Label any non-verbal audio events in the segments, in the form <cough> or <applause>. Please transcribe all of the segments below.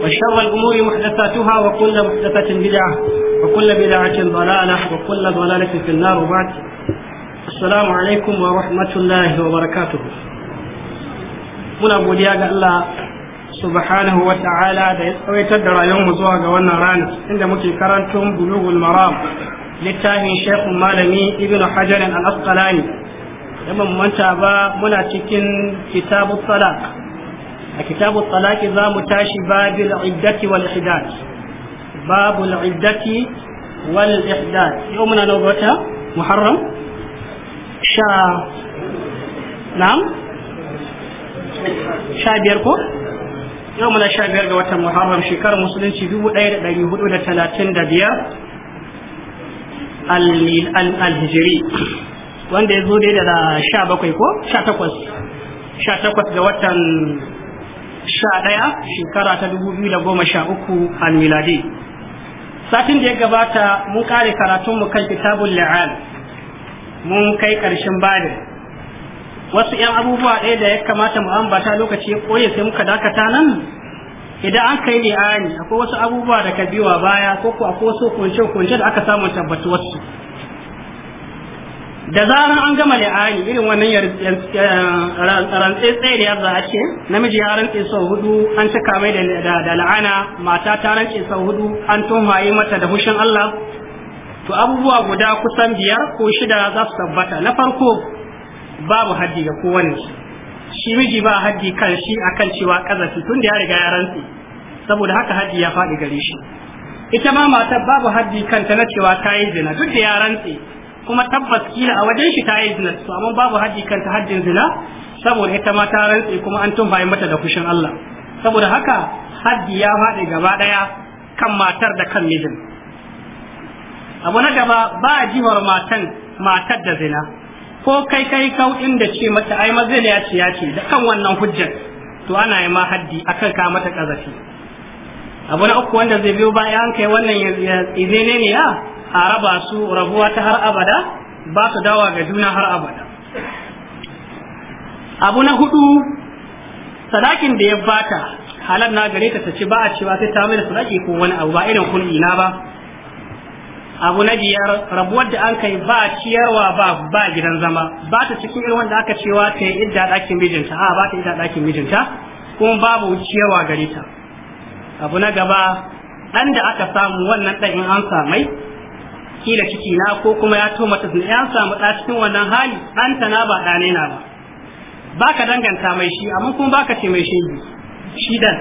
وشر الأمور محدثاتها وكل محدثة بدعة وكل بدعة ضلالة وكل ضلالة في النار وبعد السلام عليكم ورحمة الله وبركاته muna godiya ga Allah subhanahu wa ta'ala da ya tsawaitar da rayuwarmu zuwa ga wannan rana inda muke karantun bulughul maram littafin shekhu malami ibn hajar al-asqalani da manta ba muna cikin kitabu talaq a kitabu talaki za mu tashi babul iddati wal ihdat babul iddati wal ihdad yau muna nawa wata muharram sha na'am sha biyar ko yau muna sha biyar ga watan muharram shekarar musulunci dubu ɗaya da ɗari hudu da talatin da biyar alhijiri wanda ya zo dai da sha bakwai ko sha takwas sha takwas ga watan 11 shekara ta dubu biyu da goma sha uku al miladi satin da ya gabata mun kare karatunmu kan kitabun li'an mun kai karshen bada wasu yan abubuwa ɗaya da ya kamata mu ambata lokaci ya koye sai muka dakata nan idan an kai li'ani akwai wasu abubuwa da ka biwa baya ko ko akwai wasu kunce kunce da aka samu tabbatuwarsu da zaran an gama li'ani irin wannan rantsetse da yadda a ce namiji ya rantse sau hudu an cika mai da la'ana mata ta rantse sau hudu an yi mata da hushin Allah to abubuwa guda kusan biyar ko shida za su tabbata na farko babu haddi ga kowanne shi miji ba haddi kan shi akan cewa kazafi tun da ya riga ya rantse saboda haka haddi ya faɗi gare shi ita ma matar babu haddi kanta na cewa ta yi zina duk da ya rantse kuma tabbas kila a wajen shi ta yi zina to amma babu haji ta haddin zina saboda ita ma ta rantse kuma an tumbaye mata da kushin Allah saboda haka haddi ya faɗi gaba ɗaya kan matar da kan mijin abu na gaba ba jiwar matan matar da zina ko kai kai kau da ce mata ai mazina ya ce ya ce da kan wannan hujjar to ana yi ma haddi akan ka mata ƙazafi abu na uku wanda zai biyo bayan kai wannan izine ne ya a raba su rabuwa ta har abada ba su dawa ga juna har abada abu na hudu sadakin da ya bata halar na gare ta ci ba a cewa sai ta mai sadaki ko wani abu ba irin kulli na ba abu na biyar rabuwar da an kai ba ciyarwa ba ba gidan zama ba ta cikin irin wanda aka cewa ta yi idda dakin mijinta a ba ta idda dakin mijinta kuma babu ciyarwa gare ta abu na gaba ɗan da aka samu wannan ɗan in an samai kila ciki na ko kuma ya toma ta ya samu ɗa cikin wannan hali an ta na ba ɗane na ba baka danganta mai shi amma kuma baka ce mai shi shi dan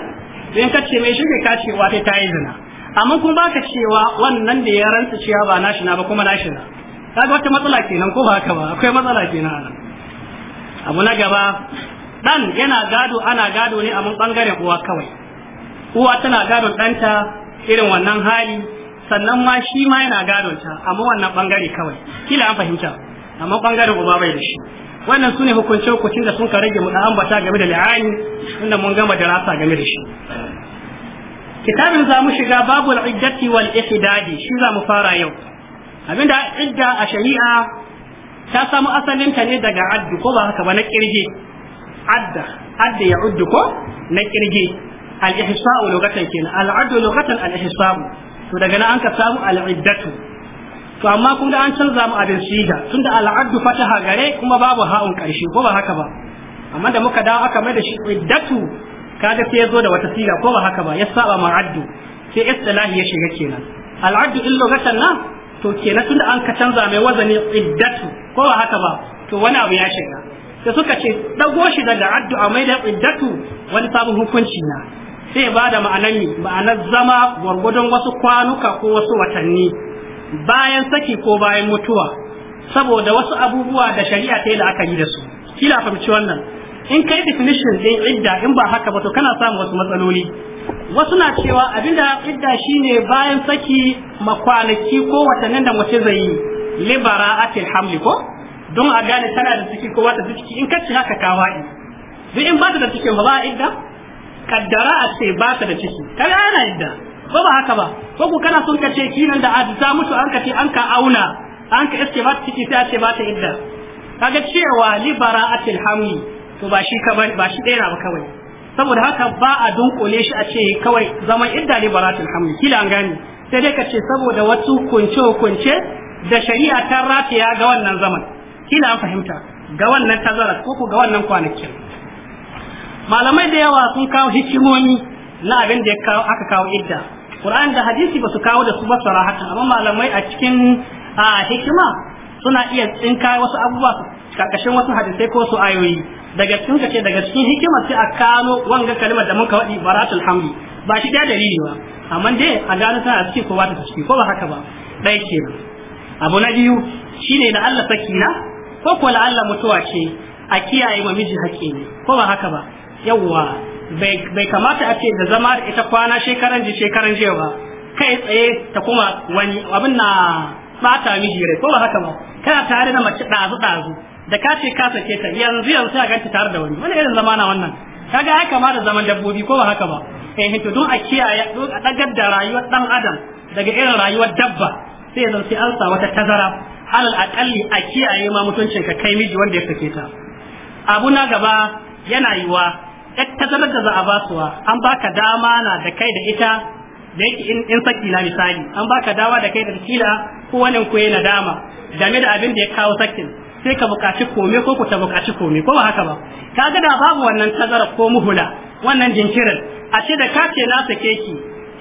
in ka ce mai shi ka ce wa ta yi zina amma kuma baka cewa wannan da ya rantsa cewa ba nashi na ba kuma nashi na kaga wata matsala kenan ko ba haka ba akwai matsala kenan nan. abu na gaba dan yana gado ana gado ne a mun bangaren uwa kawai uwa tana gadon danta irin wannan hali sannan ma shi ma yana gadon ta amma wannan bangare kawai kila an fahimta amma bangaren uba bai da shi wannan sune hukunce hukuncin da sun ka rage mu da ambata game da la'ani inda mun gama darasa game da shi kitabin za mu shiga babu al'iddati wal ihdadi shi za mu fara yau abinda idda a shari'a ta samu asalin ta ne daga addu ko ba haka ba na kirge adda adda ya uddu ko na kirge al ihsa'u lugatan kenan al addu lugatan al ihsa'u to daga nan an ka samu al'iddatu to amma kun ga an canza mu abin shida tunda al'addu fataha gare kuma babu ha'un karshe ko ba haka ba amma da muka dawo aka mai da shi iddatu kaga sai ya zo da wata siga ko ba haka ba ya saba addu sai istilahi ya shiga kenan al'addu in lugatan nan to kenan tunda an ka canza mai wazani iddatu ko ba haka ba to wani abu ya shiga da suka ce dago shi daga a mai da iddatu wani sabon hukunci na Zai ba da ma'anar ma'anar zama gwargwadon wasu kwanuka ko wasu watanni bayan saki ko bayan mutuwa saboda wasu abubuwa da shari'a ta yi aka yi da su kila fahimci wannan in kai definition din idda in ba haka ba to kana samun wasu matsaloli wasu na cewa abinda idda shine bayan saki makwanaki ko watannin da mace zai yi libara atil hamli ko don a gane tana da ciki ko wata ciki in kace haka kawai duk in ba ta da cikin ba ba idda kaddara a ce ba ta da ciki kaga ana yadda ko ba haka ba ko ku kana son ka ce kinan da ta mutu an ka ce an ka auna an ka iske ba ta ciki sai a ce ba ta idda kaga cewa li bara'atil hamli to ba shi ka ba shi ɗaya ba kawai saboda haka ba a dunkule shi a ce kawai zaman idda li bara'atil hamli kila an gane sai dai ka ce saboda wasu kunce kunce da shari'a ta rataya ga wannan zaman kila an fahimta ga wannan tazarar ko ku ga wannan kwanakin malamai da yawa sun kawo hikimomi na abin da aka kawo idda Qur'an da hadisi ba su kawo da su ba sarahatan amma malamai a cikin hikima suna iya tsinka wasu abubuwa karkashin wasu hadisai ko su ayoyi daga cikin kace daga cikin hikima sai a kano wanga kalmar da muka wadi baratul hamdi ba shi da dalili ba amma dai a gano tana cikin kowa ta ciki ko ba haka ba dai kenan abu na biyu shine da Allah sakina ko ko Allah mutuwa ce a kiyaye wa miji haƙƙi ne ko ba haka ba yawwa bai kamata a ce da zama da ita kwana shekaran ji shekaran jiya ba kai tsaye ta kuma wani abin na bata miji rai ko ba haka ba kana tare da mace dazu dazu da ka ce ka sake ta yanzu yanzu ka ganta tare da wani wani irin zama na wannan kaga ya kama da zaman dabbobi ko ba haka ba eh to don a kiyaye don a dagar da rayuwar dan adam daga irin rayuwar dabba sai yanzu sai an sa wata tazara alal akalli a kiyaye ma mutuncin ka kai miji wanda ya sake ta abu na gaba yana yiwa tazarar da za a basuwa an baka dama na da kai da ita da yake in saki na misali an baka dama da kai da kila ko wani ku yana dama game da abin da ya kawo sakin sai ka bukaci kome ko ku ta bukaci kome ko ba haka ba kaga da babu wannan tazarar ko muhula wannan jinkirin a ce da ka na sake ki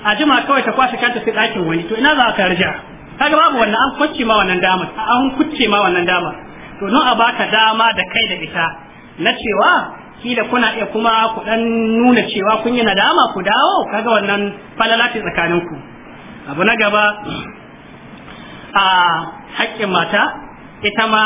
a jima kawai ta kwashe kanta sai ɗakin wani to ina za ka rija kaga babu wannan an kwacce ma wannan dama an kucce ma wannan dama to nun a baka dama da kai da ita na cewa kila kuna iya kuma ku dan nuna cewa kun yi nadama ku dawo kaga wannan falala ce tsakanin ku abu na gaba a haƙƙin mata ita ma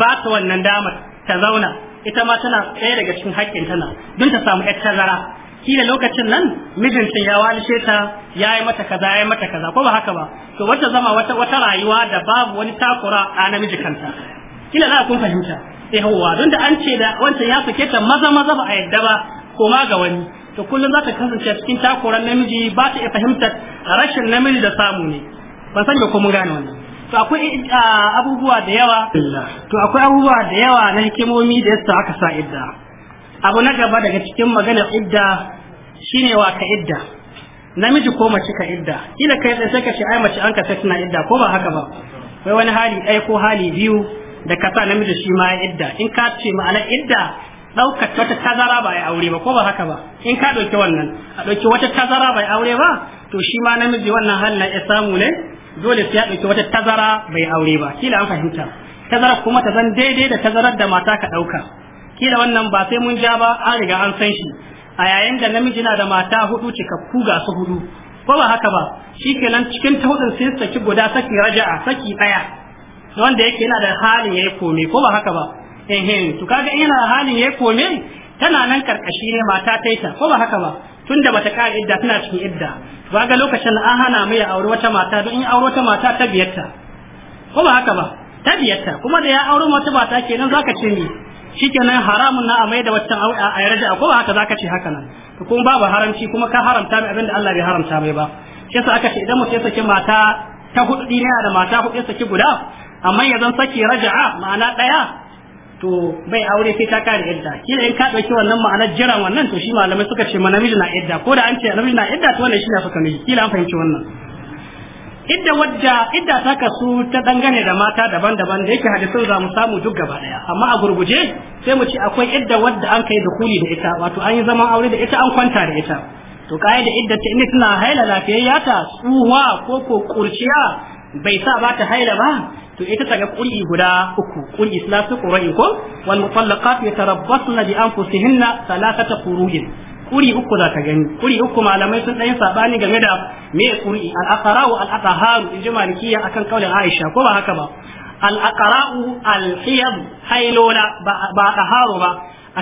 ba ta wannan damar ta zauna ita ma tana ɗaya daga cikin haƙƙin tana don ta samu yar tazara kila lokacin nan mijinta ya walishe ta ya yi mata kaza ya yi mata kaza ko ba haka ba to wata zama wata rayuwa da babu wani takura a namiji kanta kila a kun fahimta sai don da an ce da wancan ya sake ta maza maza ba a yadda ba koma ga wani to kullum za ta kasance cikin takoran namiji ba ta iya fahimtar rashin namiji da samu ne ban san ko mun gane wannan to akwai abubuwa da yawa to akwai abubuwa da yawa na hikimomi da yasa aka sa idda abu na gaba daga cikin maganar idda shine wa ka idda namiji ko mace ka idda ila kai sai ka ce ai mace an ka sai idda ko ba haka ba wai wani hali ɗaya ko hali biyu da ka sa namiji shi ma ya idda in ka ce ma'ana idda ɗauka wata tazara ba ya aure ba ko ba haka ba in ka ɗauki wannan a ɗauki wata tazara ba ya aure ba to shi ma namiji wannan halin ya samu ne dole sai ya ɗauki wata tazara bai aure ba kila an fahimta tazara kuma ta zan daidai da tazarar da mata ka ɗauka kila wannan ba sai mun ja ba an riga an san shi a yayin da namiji na da mata hudu cikakku ga su hudu ko ba haka ba shi kenan cikin ta hudun sai saki guda saki raja'a saki ɗaya wanda yake yana da halin ya kome ko ba haka ba ehen to kaga yana da halin ya kome tana nan karkashi ne mata taita ko ba haka ba tunda bata kare idda tana cikin idda ba ga lokacin an hana mai aure wata mata don in aure wata mata ta biyarta ko ba haka ba ta biyarta kuma da ya aure wata mata kenan zaka ce ni shikenan haramun na a mai da wata a yarda ko ba haka zaka ce haka nan to kuma babu haramci kuma ka haramta mai abinda Allah bai haramta mai ba shi yasa aka ce idan mutum ya saki mata ta hudu dina da mata hudu ya saki guda amma ya zan saki raja'a ma'ana ɗaya to bai aure sai ta kare idda kila in ka ɗauki wannan ma'ana jiran wannan to shi malamai suka ce ma namiji na idda ko da an ce namiji na idda to wannan shi na suka miji kila an fahimci wannan idda wadda idda ta kasu ta dangane da mata daban-daban da yake hadisin za mu samu duk gaba daya amma a gurguje sai mu ce akwai idda wadda an kai da kuli da ita wato an yi zaman aure da ita an kwanta da ita to kai da idda ta inda tana haila lafiyayya ta tsuwa ko ko kurciya bai sa ba ta haila ba to ita ta ga guda uku kulli islasu qura'in ko wal mutallaqat yatarabbasna bi anfusihinna thalathata qurujin kuri uku za ka gani kuri uku malamai sun ɗan sabani game da me kuri al-aqra'u al in ji malikiya akan kaulin Aisha ko ba haka ba al-aqra'u al-hiyab hailola ba ba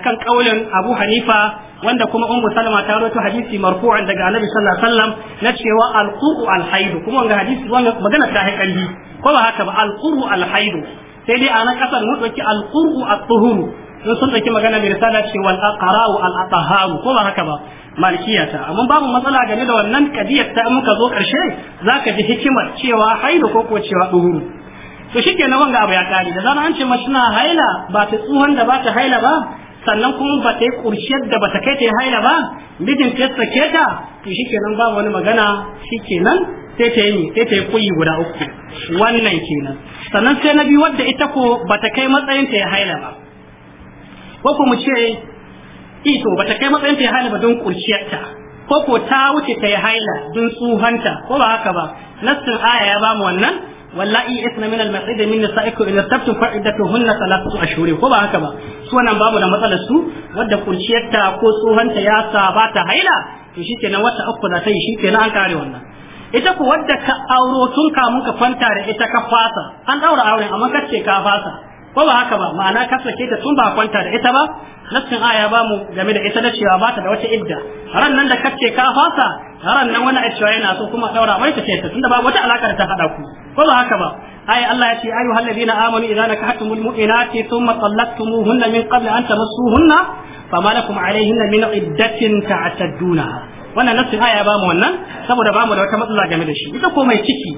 akan kaulin Abu Hanifa wanda kuma Ummu Salma ta rawaito hadisi marfu'an daga Annabi sallallahu alaihi wasallam na cewa al-qur'u al-haid kuma wanga hadisi wanga magana ta haƙali ko ba haka ba alquru alhaidu sai dai a nan kasar mu dauki alquru at sun sun dauki magana mai risala ce wal aqra'u al-ataharu ko ba haka ba malikiya ta amma babu matsala game da wannan kadiyar ta muka zo karshe zaka ji hikimar cewa haidu ko ko cewa tuhuru to shikenan wanga abu ya kare da zan an ce mashina haila ba ta tsuhan da ba ta haila ba sannan kuma ba ta yi ƙurshiyar da ba ta kai ta yi haila ba mijin ta sake ta to kenan ba wani magana shikenan sai ta yi sai ta yi kuyi guda uku wannan kenan sannan sai na biyu wadda ita ko ba ta kai matsayin ta yi haila ba ko kuma mu ce ito ba ta kai matsayin ta yi haila ba don ƙurshiyar ta ko ko ta wuce ta yi haila don tsuhanta ko ba haka ba nassin aya ya ba mu wannan wallahi isna min al-mahid min nisa'ikum in tabtum fa'idatuhunna thalathatu ashhur ko ba haka ba su babu da matsalar su wadda kurciyarta ko tsohanta ya sa ba ta haila to shikenan wata uku za ta yi shikenan an kare wannan ita ku wadda ka auro tun kamun ka kwanta da ita ka fasa an daura auren amma kace ka fasa ko ba haka ba ma'ana ka ta tun ba kwanta da ita ba nassin aya ba mu game da ita da cewa ba ta da wata idda ran nan da kace ka fasa ran nan wani aisha yana so kuma daura mai ta ta tunda ba wata alaka da ta hada ku ko ba haka ba ay Allah ya ce ayu halladina amanu idza nakahtumul mu'minati thumma tallaqtumuhunna min qabli an tamassuhunna fama lakum alayhinna min iddatin ta'tadduna wannan nassin aya ba mu wannan saboda ba mu da wata matsala game da shi ita ko mai ciki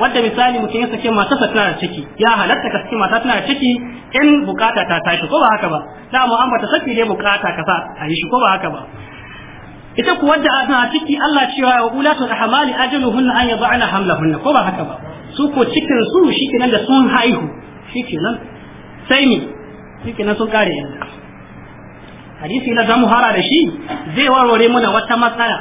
wanda misali mutum ya sake mata sa tana ciki ya halatta ka saki mata tana ciki in bukata ta tashi ko ba haka ba da mu an bata saki dai bukata ka sa a yi shi ko ba haka ba ita kuwa da ana ciki Allah cewa wa ulatu ahmali ajaluhunna an yad'ana hamlahunna ko ba haka ba su ko cikin su shikenan da sun haihu shikenan sai ni shikenan sun kare yanzu hadisi na zamu hara da shi zai warware muna wata matsala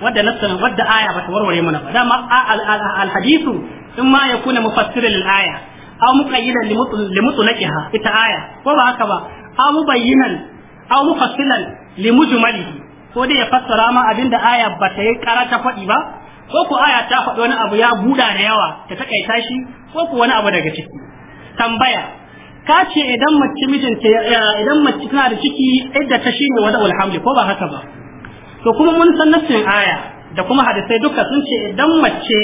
wadda nassan wadda aya bata warware mana ba dama al in ma ya yakuna mufassiran lil aya aw muqayyidan li mutlaqiha ita aya ko ba haka ba aw mubayyinan aw mufassilan li mujmalihi ko dai ya fassara ma abinda aya bata yi karata faɗi ba ko ku aya ta faɗi wani abu ya buda da yawa ta takaita shi ko ku wani abu daga ciki tambaya ka ce idan mace mijinta idan mace tana da ciki idda ta shine wada'ul hamli ko ba haka ba to kuma mun san nassin aya da kuma hadisai duka sun ce idan mace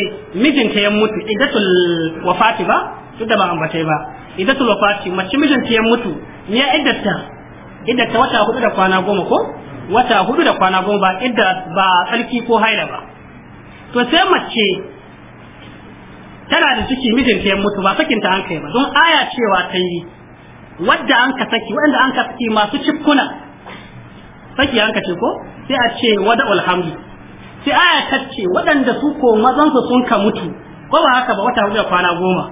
mijinta ya mutu idatul wafati ba duk da ba ambatai ba idatul wafati mace mijinta ya mutu ya iddata iddata wata hudu da kwana goma ko wata hudu da kwana goma ba idda ba tsarki ko haila ba to sai mace tana da ciki mijinta ya mutu ba sakinta an kai ba don aya cewa ta yi wadda an ka saki wanda an ka saki masu cikkuna saki an ka ce ko sai a ce wada alhamdu sai aya ta ce waɗanda su ko mazan su sun ka mutu ko ba haka ba wata hudu kwana goma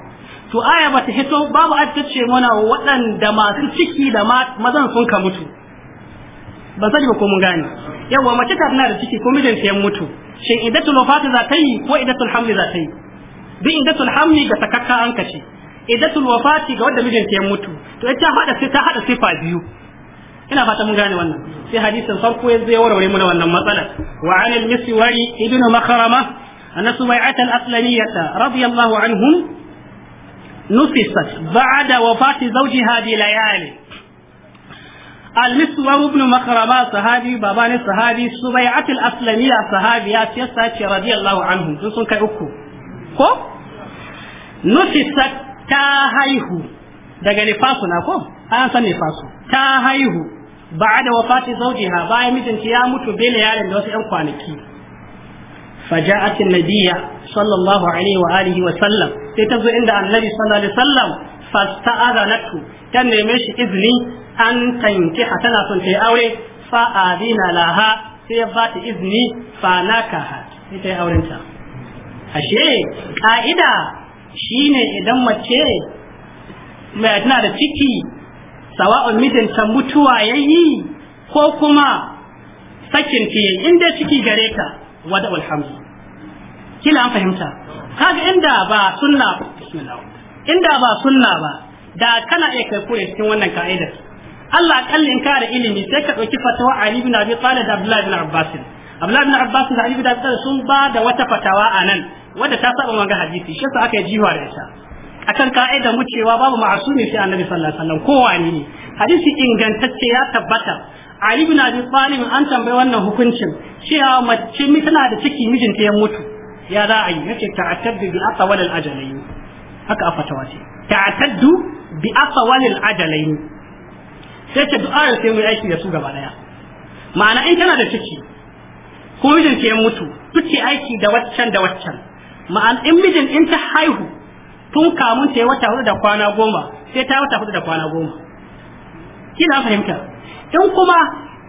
to aya ba ta hito babu a ce mana waɗanda masu ciki da mazan sun ka mutu ban sani ba ko mun gane yawa mace ta tana da ciki ko mijinta ya mutu shin idatul wafati za ta yi ko idatul hamli za ta yi duk idatul hamli ga sakakka an kace idatul wafati ga wanda mijinta ya mutu to ita hada sai ta hada sifa biyu ina fata mun gane wannan sai hadisin farko ya zai warware muna wannan matsalar. wa al-miswari ibn makharama anna suwai'at al-aslamiyya radiyallahu anhum nufisat ba'da wafati zawjiha bi layali المسور بن مخرمة صحابي بابان صحابي سبيعة الأسلمية صحابية سيساتي رضي الله عنهم سنسون كأكو كو نفست تاهيه دقا نفاسنا كو أنا نفاسو تاهيه ba'da wafati zawjiha bayan mijinta ya mutu bela yaron da wasu yan kwanaki فجاءت النبي صلى الله عليه وآله وسلم تتزو عند النبي صلى الله عليه وسلم فاستأذنته كان يمشي إذني أن تنكح تناسا في أولي فآذن لها سيبات إذني فناكها ita ya aurenta ashe ka'ida shine idan mace mai tana da ciki sawa'un mijinta mutuwa yayi ko kuma sakin fiye in dai ciki gare ka wada alhamdu kila an fahimta kaga inda ba sunna bismillah inda ba sunna ba da kana iya kai kure cikin wannan ka'idar Allah kallin ka da ilimi sai ka dauki fatawa Ali bin Abi Talib da Abdullah bin Abbas Abdullah bin Abbas da Ali bin Abi Talib sun ba da wata fatawa anan wadda ta saba manga hadisi shi yasa aka yi jiwa da ita akan ka'ida mu cewa babu ma'asumi sai annabi sallallahu alaihi wasallam kowa ne hadisi ingantacce ya tabbata Ali bin Abi Talib an tambayi wannan hukuncin cewa mace tana da ciki mijinta ya mutu ya za a yi yace ta'attadu bi aqwal al ajalayn haka afata wace ta'attadu bi aqwal al ajalayn sai ta du'a sai mu aiki da su gaba daya ma'ana in tana da ciki ko mijinta ya mutu kuke aiki da waccan da waccan ma'ana in mijin in ta haihu tun kamun ta yi wata hudu da kwana goma sai ta wata hudu da kwana goma kina fahimta in kuma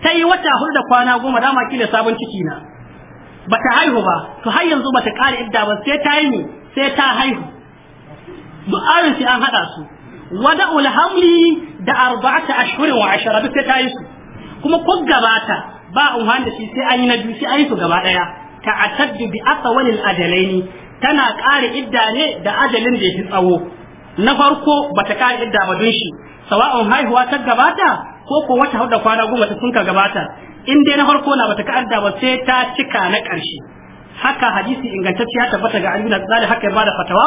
ta yi wata hudu da kwana goma dama kila sabon ciki na ba ta haihu ba to har yanzu ba ta kare idda ba sai ta yi ne sai ta haihu du'arin sai an haɗa su wada ulhamli da arba'ata ashhurin wa ashara duk sai ta yi su kuma ko gabata ba unhan da shi sai an yi na biyu sai an yi su gaba daya ta'attadu bi asawalil adalaini tana ƙara idda ne da ajalin da ya fi tsawo na farko ba ta ƙara idda ba don shi sawa'un haihuwa ta gabata ko ko wata hudu kwana goma ta sunka gabata in dai na farko na bata ƙara idda ba sai ta cika na ƙarshe haka hadisi ingantacce ya tabbata ga Aliyu bin haka ya bada fatawa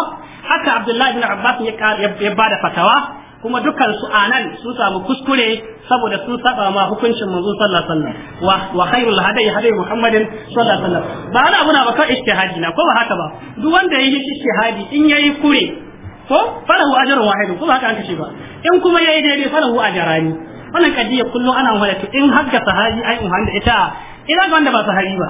haka Abdullahi bin Abbas ya ya bada fatawa kuma dukan su anan sun samu kuskure saboda sun saba ma hukuncin manzo sallallahu alaihi wasallam wa khairul hadayi hadayi muhammadin sallallahu alaihi wasallam ba wani abu na ba kai ijtihadi na ko ba haka ba duk wanda yayi ijtihadi in yayi kure ko falahu ajrun wahidun ko ba haka an kace ba in kuma yayi daidai falahu ajrani wannan kadiya kullum ana waya to in hagga sahabi ai in handa ita ina ga wanda ba sahabi ba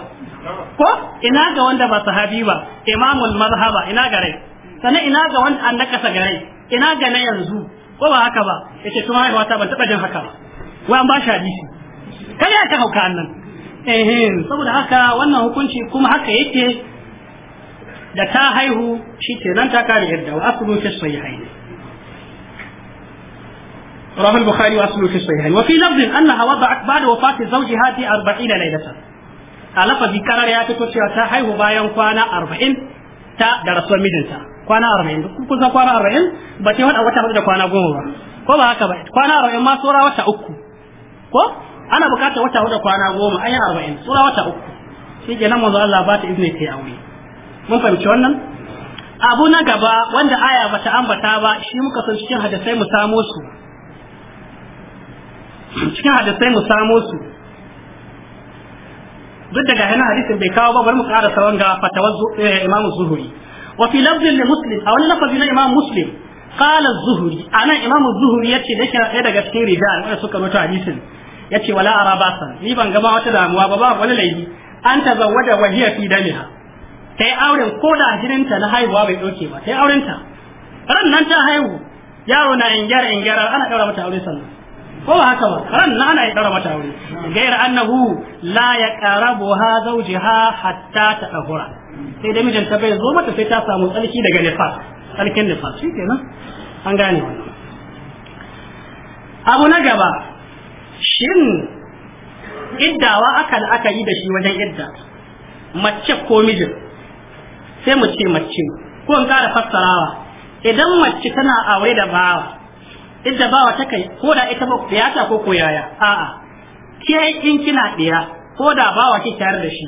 ko ina ga wanda ba sahabi ba imamul mazhaba ina ga rai sannan ina ga wanda an nakasa ga rai ina ga na yanzu ko ba haka ba yace kuma haihuwa ta ban taba jin haka ba wai an ba shi hadisi kai ya ka hauka annan eh saboda haka wannan hukunci kuma haka yake da ta haihu shi ke nan ta kare yadda wa aslu fi sahihayn رواه البخاري واصله في الصحيحين وفي لفظ انها وضعت بعد وفاه زوجها في 40 ليله a lafazi karar ya fito cewa ta haihu bayan kwana arba'in ta da rasuwar mijinta kwana arba'in duk kusan kwana arba'in ba ce wata wata da kwana goma ba ko ba haka ba kwana arba'in ma tsora wata uku ko ana bukatar wata wata kwana goma ayi arba'in tsora wata uku shi ke nan manzo Allah ba ta izini ta yi aure mun fahimci wannan abu na gaba wanda aya ba ta ambata ba shi muka san cikin hadisai mu samo su cikin hadisai mu samo su duk daga hana hadisin bai kawo ba bari mu ƙara sauran ga fatawar eh, Imam Zuhuri وفي لفظ لمسلم أو لفظ لإمام مسلم قال الزهري أنا إمام الزهري يتي لك إذا قد رجال ولا سكر وتعديس يتي ولا أرى باسا نيبان قبا وتدام وابا ولا ليدي أن تزوج وهي في دمها تي أورن كودا جننتا نهاي وابي أوكي با تي أورنتا ran nan ta haihu yaro na ingara ingara ana ɗaura mata aure sannan ko ba haka ba ran na ana ya daura mata aure gair annahu la yaqrabu ha zawjiha hatta tadahura sai da mijinta bai zo mata sai ta samu tsarki daga nifas tsarkin nifas shikenan an gane wannan abu na gaba shin iddawa aka aka yi da shi wajen idda mace ko mijin sai mu ce mace ko in kara fassarawa idan mace tana aure da bawa inda ba wa kai ko da ita ba ta ko ko yaya a'a ke in kina ɗaya ko da wa ki tare da shi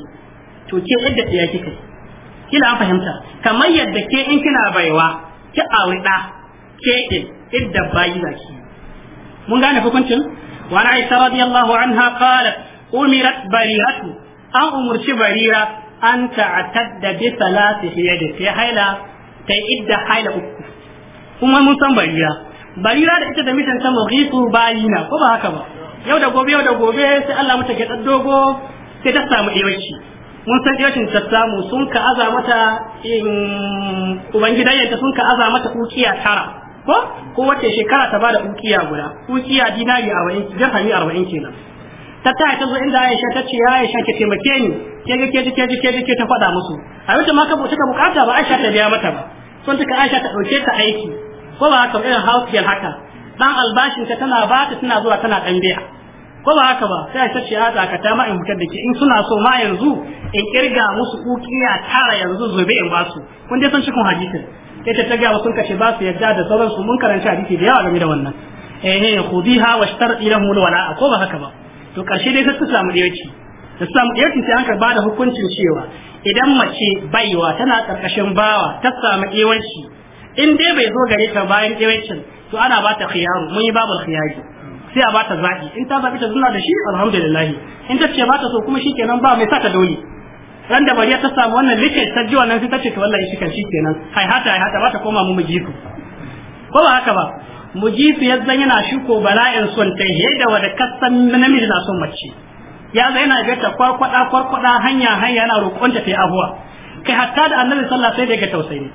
to ke idda ɗaya kika kina fahimta kamar yadda ke in kina baiwa ki aure da ke in idda bayi zaki mun gane hukuncin wa Aisha radiyallahu anha qalat umirat bariratu an umurci barira an ta'tadda bi salati hiyadi fi haila ta idda haila uku kuma mun san bariya barira da ita da mijinta mughiqu bayina ko ba haka ba yau da gobe yau da gobe sai Allah mata ke dan dogo sai ta samu iwaci mun san iwacin ta samu sun ka aza mata in yanta sun ka aza mata ukiya tara ko ko wace shekara ta bada ukiya guda ukiya dinari 40 dirhami 40 kenan ta ta ta zo inda Aisha ta ce Aisha ke taimake ni ke ga ke ke ke ke ta faɗa musu a wata ma ka buƙata ba Aisha ta biya mata ba sun ta ka Aisha ta dauke ta aiki ko ba haka irin house girl haka dan albashin ka tana bata tana zuwa tana dan biya ko ba haka ba sai ta ce a ka ta ma in fitar da ke in suna so ma yanzu in kirga musu kukiya tara yanzu zobe in basu kun dai san cikin hadisin ita ta gaya sun kace ba su yadda da sauran su mun karanta hadisi da yawa game da wannan eh eh khudiha washtar ilahu wala ko ba haka ba to karshe dai ta samu dayaci ta samu dayaci sai an karba da hukuncin cewa idan mace baiwa tana karkashin bawa ta samu dayaci in dai bai zo gare ta bayan erection to ana ba ta khiyaru mun yi babul khiyari sai a ba ta zaɓi in ta zaɓi ta zuna da shi alhamdulillah in ta ce ba ta so kuma shikenan ba mai sa ta dole ran da bariya ta samu wannan likai ta ji wannan sai ta ce to wallahi shi kan shikenan hai hata hai hata ba ta koma mu mujisu ko ba haka ba mujisu yanzu yana shuko bala'in son ta yadda wanda kasan namiji na son mace ya zai yana ga ta kwarkwada kwarkwada hanya hanya yana roƙon ta ta abuwa kai hatta da annabi sallallahu alaihi wasallam sai da ga tausayi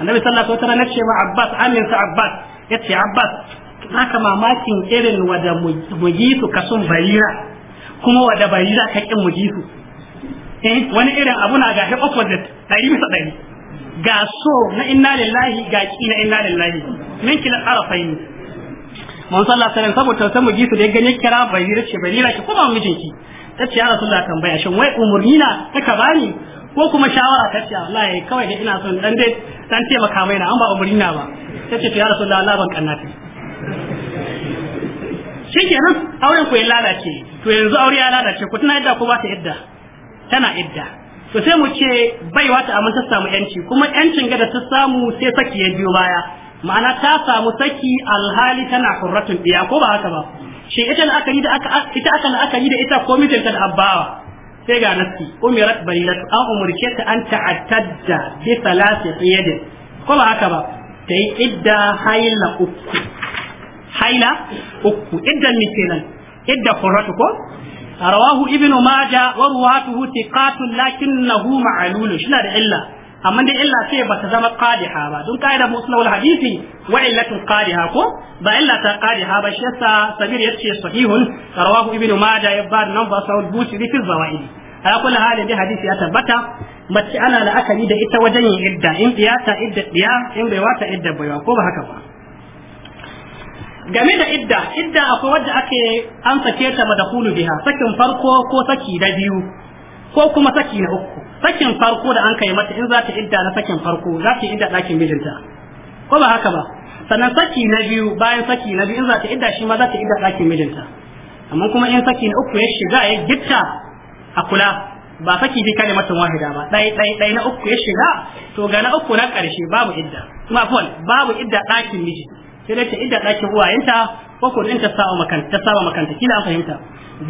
annabi sallallahu alaihi wasallam ce ma abbas amin sa abbas yace abbas naka mamakin irin wada mujisu kasun barira kuma wada barira ka kin mujisu eh wani irin abu na ga opposite dai misa dai ga so na inna lillahi ga ki na inna lillahi min kila qarafai mun sallallahu alaihi wasallam saboda sai mujisu da ganin kira barira ce barira ki kuma mijinki tace ya rasulullah tambaya shin wai umurnina kaka bani ko kuma shawara ta ce wallahi kawai da ina son dan dai dan taimaka mai na an ba umurni na ba tace to ya rasulullahi Allah ban ke nan auren ku ya lalace to yanzu aure ya lalace ku tana yadda ko ba ta yadda? tana yadda. to sai mu ce bai wata amma ta samu yanci kuma yancin gada ta samu sai saki ya biyo baya ma'ana ta samu saki alhali tana hurratun biya ko ba haka ba shi ita aka yi da aka ita aka da ita ko mijinta da abbawa sai ga nasi umirat bayyinatu an umurce ta an ta'attadda bi salati qiyadin ko ba haka ba ta yi idda haila uku haila uku iddan mi kenan idda qurratu ko rawahu ibnu majah wa ruwatuhu thiqatun lakinnahu shi na da illa amma dai illa ce ba ta zama qadiha ba don kaida musnawul hadisi wa illatun qadiha ko ba illa ta qadiha ba shi yasa sabir yace sahihun rawahu ibnu majah yabad nan ba sahul busiri fi zawaidi ala kulli halin da hadisi ya tabbata mace ana la'akari da ita wajen yin idda in iyata idda diya in bai wata idda bai ko ba haka ba game da idda idda akwai wadda ake an sake ta madakulu biha sakin farko ko saki na biyu ko kuma saki na uku sakin farko da an kai mata in za ta idda na sakin farko za ta idda ɗakin mijinta ko ba haka ba sannan saki na biyu bayan saki na biyu in za ta idda shi ma za ta idda ɗakin mijinta amma kuma in saki na uku ya shiga ya gitta a kula ba saki bi kalimatin wahida ba ɗai ɗai ɗai na uku ya shiga to ga na uku na ƙarshe babu idda kuma afwan babu idda ɗakin miji sai dai ta idda ɗakin uwayenta ko ko ɗin ta sawa makanta ta sawa makanta kila an fahimta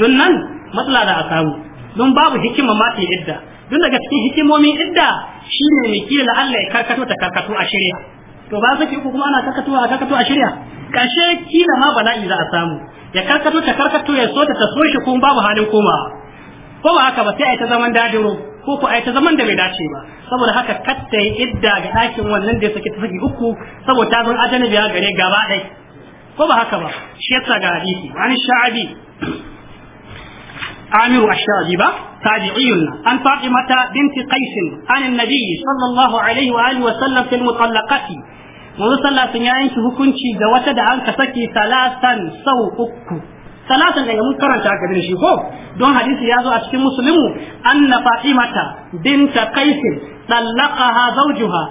don nan matsala da a samu don babu hikima ma ta idda don daga cikin hikimomin idda shine ne kila la Allah ya karkato ta karkato a shirya to ba saki uku kuma ana karkato a karkato a shirya kashe kila ma bala'i za a samu ya karkato ta karkato ya so ta ta so shi kuma babu halin koma ko ba haka ba sai a yi ta zaman dadiro ko ko a yi ta zaman da bai dace ba saboda haka katta yi idda ga ɗakin wannan da ya saki ta uku saboda ta zan ajanabi ya gare gaba ɗaya ko ba haka ba shi yasa ga hadisi wani sha'abi amiru ash-shabi ba tabi'iyun an fatimata binti qais an annabi sallallahu alaihi wa wa sallam fil mutallaqati manzo ya yanki hukunci ga wata da an saki salatan sau uku salatan da mun karanta ga din shi ko don hadisi ya zo a cikin muslimu anna fatimata binta qais talaqaha zawjuha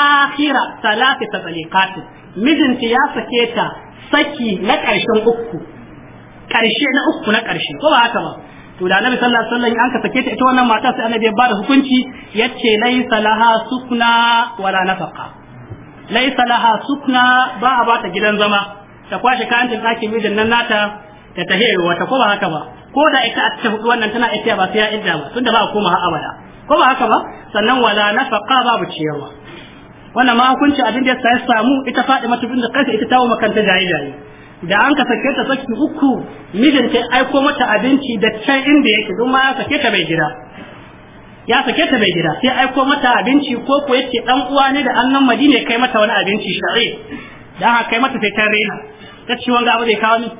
akhira salati tataliqat mijinta ya sake ta saki na ƙarshen uku ƙarshe na uku na ƙarshe ko ba haka ba to da annabi sallallahu alaihi wasallam an ka sake ta ita wannan mata sai annabi ya da hukunci yace laisa laha sukna wala nafaqa laisa laha sukna ba a ba ta gidan zama ta kwashe kayan ta ɗakin mijin nan nata ta tahe wata ko ba haka ba ko da ita a ta hudu wannan tana ita ba sai ya idda ba tunda ba a koma abada ko ba haka ba sannan wala nafaqa babu ciyawa wannan ma hukunci abin da ya samu ita Fatima bint Qais ita tawo makanta jayi jayi da an ka sake ta saki uku mijinta ya aiko mata abinci da can inda yake don ma ya sake ta bai gida ya sake ta bai gida sai aiko mata abinci ko ko yake dan uwa ne da annan madina kai mata wani abinci shari dan haka kai mata sai ta rena ta ci wanga abu zai kawo ni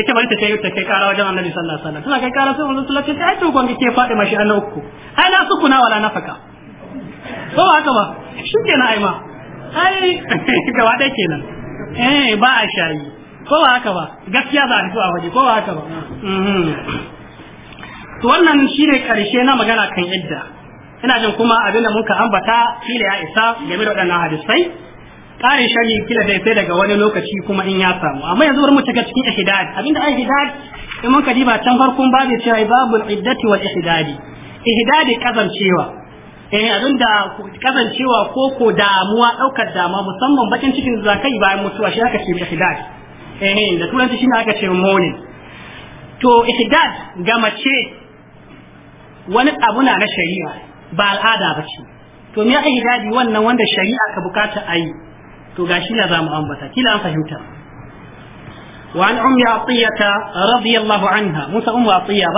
ita bari ta kai ta kai kara wajen annabi sallallahu alaihi wasallam tana kai kara sai wannan sallallahu alaihi wasallam ta ce gonga ke fadi mashi Allah uku ai na sukuna wala nafaka ko ba haka ba shi kenan ai ma ai <laughs> gaba da kenan eh ba a shayi ko ba haka ba gaskiya za a a waje ko ba haka ba mhm. to wannan ne karshe na magana kan idda ina jin kuma abin da muka ambata kila ya isa game da waɗannan hadisai ƙarin shari kila dai sai daga wani lokaci kuma in ya samu amma yanzu bari mu shiga cikin ihidadi abinda da ihdad in muka diba can farkon babu cewa babul iddati wal ihdadi ihdadi kazancewa eh abin da kazancewa ko ko damuwa daukar damuwa musamman bakin cikin zakai bayan mutuwa shi aka ce ihdad eh da turanci shine aka ce morning to itidad ga mace wani abu na na shari'a ba al'ada ba ce to me ake ihdadi wannan wanda shari'a ka bukata yi to gashi na zamu ambata kila an fahimta Wa an أم عطية رضي الله musa موسى أم عطية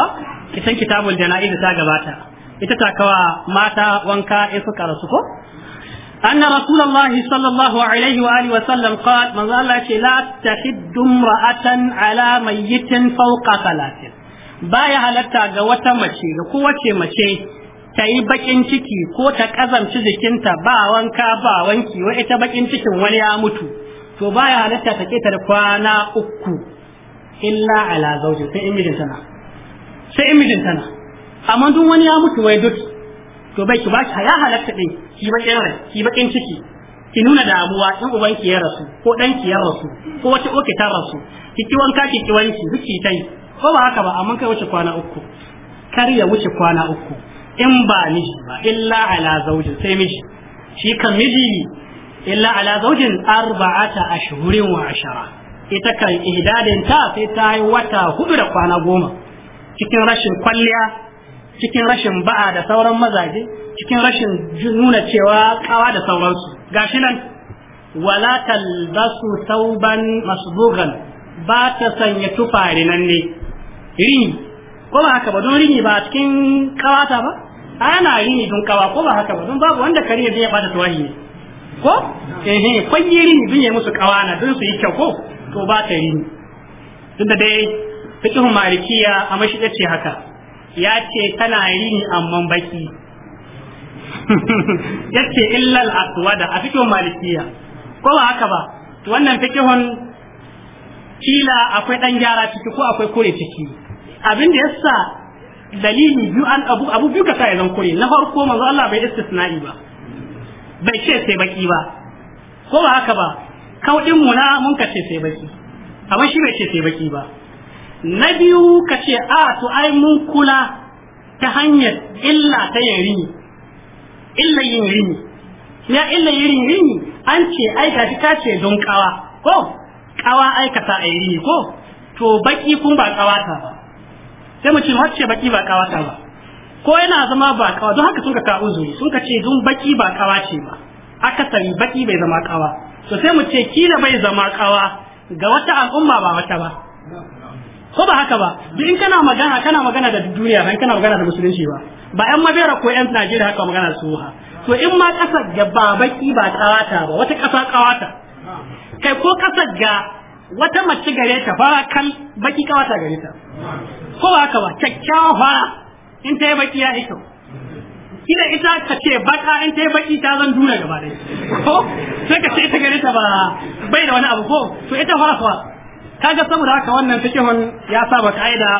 kitan kitabul jana'iz ta gabata ita ta kawa mata wanka in suka rasu ko أن رسول الله صلى الله عليه وآله وسلم قال من قال لا تحد امرأة على ميت فوق ثلاث baya halatta ga wata mace ga kowace mace ta yi bakin ciki ko ta kazamci jikinta ba wanka ba wanki wa ita bakin cikin wani ya mutu to baya halatta ta ketar kwana uku illa ala zauji sai imijin tana sai imijin tana amma duk wani ya mutu wai duk to bai ki shi ya halatta din ki bakin rai ki bakin ciki ki nuna damuwa in uban ki ya rasu ko dan ki ya rasu ko wata uke ta rasu ki ki wanka ki ki wanki duki tai ko ba haka ba amma kai wuce kwana uku kar ya wuce kwana uku in ba miji ba illa ala zaujin sai miji shi kan miji illa ala zaujin arba'ata ashhurin wa ashara ita kan ihdadin ta sai ta yi wata hudu da kwana goma cikin rashin kwalliya cikin rashin ba'a da sauran mazaje cikin rashin nuna cewa kawa da sauransu gashi nan wala talbasu tauban masbugan ba ta sanya tufari nan ne rini ko ba haka ba don rini ba cikin kawata ba ana rini don kawa ko ba haka ba don babu wanda kare zai bada tuwahi ne ko eh kwanye rini bin yayi musu kawana don su yi kyau ko to ba ta rini tunda dai fiqhu malikiya a mashi ce haka ya ce tana yin amman baki <laughs> ya ce illal aswada a fikin malikiya ko ba haka ba to wannan fikihun kila akwai dan gyara ciki ko akwai kure ciki abin da yasa dalili biyu an abu abu biyu ka sai zan kure na farko manzo Allah bai istisna'i ba bai ce sai baki ba ko ba haka ba kaudin mu na mun ka ce sai baki amma shi bai ce sai baki ba na biyu ka ce a to ai mun kula ta hanyar illa ta yin rini illa yin rini ya illa yin rini an ce ai ka ta ce don kawa ko kawa aikata a rini ko to baki kun ba kawata ba sai mu ce ce baki ba kawata ba ko yana zama ba kawa don haka sun ka kawo uzuri sun ka ce don baki ba kawa ce ba Aka sani baki bai zama kawa to sai mu ce kila bai zama kawa ga wata al'umma ba wata ba ko ba haka ba duk in kana magana kana magana da duniya ba in kana magana da musulunci ba ba yan mabera ko yan Najeriya haka magana su ha to in ma kasar ga ba baki ba kawata ba wata kasa kawata kai ko kasar ga wata mace gare ta fara kan baki kawata gare ta ko ba haka ba kyakkyawa fara in ta yi baki ya ita kyau ita ita ta ce baka in ta yi baki ta zan duna gaba ɗaya ko sai ka ce ita gare ta ba bai da wani abu ko to ita fara fara kaga saboda haka wannan fiqhun ya saba kaida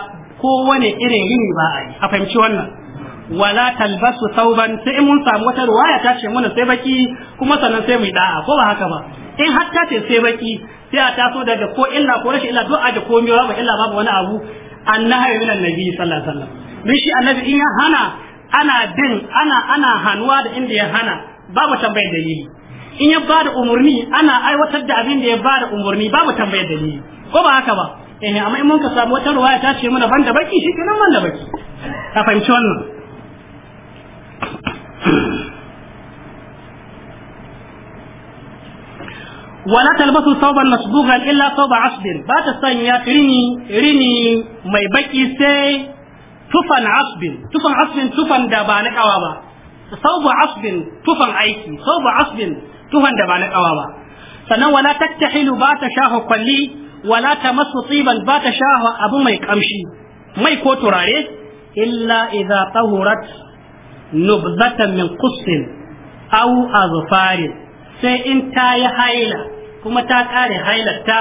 wani irin rini ba a yi a fahimci wannan wala talbasu sauban sai in mun samu wata ruwaya ta ce mana sai baki kuma sannan sai mu yi da'a ko ba haka ba in har ta ce sai baki sai a taso daga ko illa ko rashin illa du'a da komai ba illa babu wani abu annahi min annabi sallallahu alaihi wasallam dan shi annabi in ya hana ana din ana ana hanuwa da inda ya hana babu tambayar dalili in ya bada umurni ana aiwatar da abin da ya bada umurni babu tambayar dalili ko ba haka ba eh amma in mun ka samu wata ruwaya ta ce mana ban da baki shi kenan ban da baki ka fahimci wannan wala talbasu sauban masbugan illa sauba asbin ba ta sanya rini mai baki sai tufan asbin tufan da ba na kawa ba sauba asbin tufan aiki sauba asbin tufan da ba na kawa ba sannan wala taktahilu ba ta sha kwalli wala masu tsiban ba ta shafa abu mai kamshi mai ko turare illa idza tahurat nubzatan min qussin aw sai in ta yi haila kuma ta kare hailarta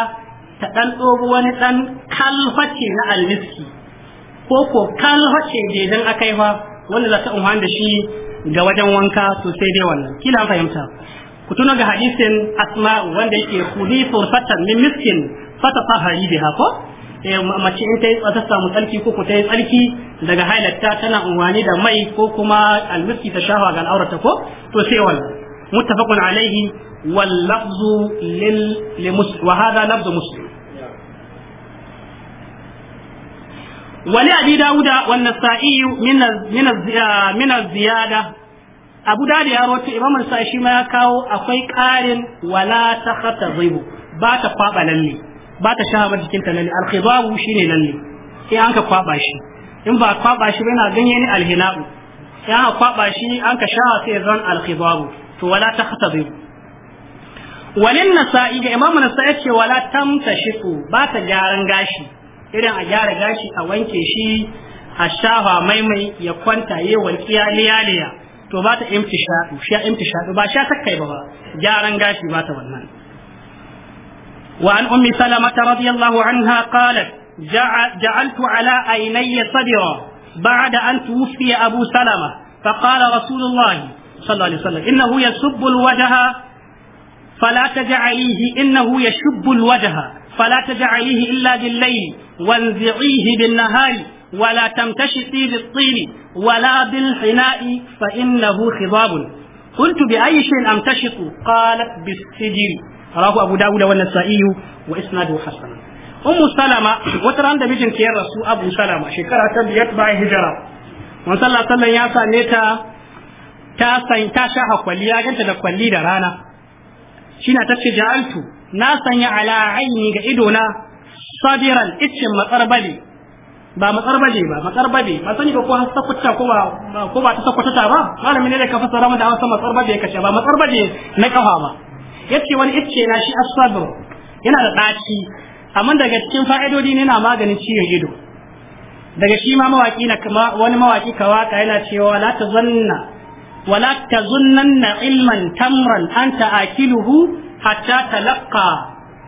ta dan dogo wani dan kalface na almiski ko ko kalface idan akai fa wanda za ta umar da shi ga wajen wanka to sai dai wannan kila fahimta ku tuna ga hadisin asma wanda yake kuli furfatan min miskin fata fahari biha ko eh, mace in ta yi ta samu tsarki ko ku ta yi tsarki daga halatta tana unwani da mai ko kuma almiski ta shafa ga al'aurata ko to sai wannan muttafaqun alaihi wal lafzu lil wa hada lafzu muslim wali abi dauda wan nasa'i min min ziyada abu da ya rawaito imam an-sa'i shi ma ya kawo akwai karin wala ta khatazibu ba ta kwaba lalle ba ta shaha jikin ta lalle alkhidabu shine lalle sai an ka kwaba shi in ba kwaba shi ba yana ganye ne alhina'u sai an kwaba shi an ka shaha sai zan alkhidabu to wala ta khatabi walin nasa'i ga imamu nasa'i ce wala tamtashifu ba ta gyaran gashi irin a gyara gashi a wanke shi a shafa maimai ya kwanta yi walƙiya liyaliya to ba ta imtishadu shi imtishadu ba sha takai ba ba gyaran gashi ba ta wannan وعن أم سلمة رضي الله عنها قالت جعلت على عيني صدرا بعد أن توفي أبو سلمة فقال رسول الله صلى الله عليه وسلم إنه يسب الوجه فلا تجعليه إنه يشب الوجه فلا تجعليه إلا بالليل وانزعيه بالنهار ولا تمتشطي بالطين ولا بالحناء فإنه خضاب قلت بأي شيء أمتشط قالت بالسجن rawahu abu dawud wa nasa'i wa isnaduhu hasan ummu salama wata ran da mijin ta rasu abu salama shekara ta biyar bayan hijira mun sallah sallan ya same ta ta san ta sha hakwali ya ganta da kwalli da rana shine ta ce ja'altu na sanya ala aini ga ido na sadiran iccin matsarbali ba matsarbali ba matsarbali ba sani ba ko har sakuta ko ba ko ba ta sakuta ba Malamin ne da ka fasara mu da Hausa matsarbali kace ba matsarbali na kafa ba yace wani icce na shi asabr yana da ɗaci, amma daga cikin fa'idodi ne na maganin ciwon ido daga shi ma mawaki na kama wani mawaki ka waka yana cewa la tazanna wala tazunnanna ilman tamran an anta akiluhu hatta talaqqa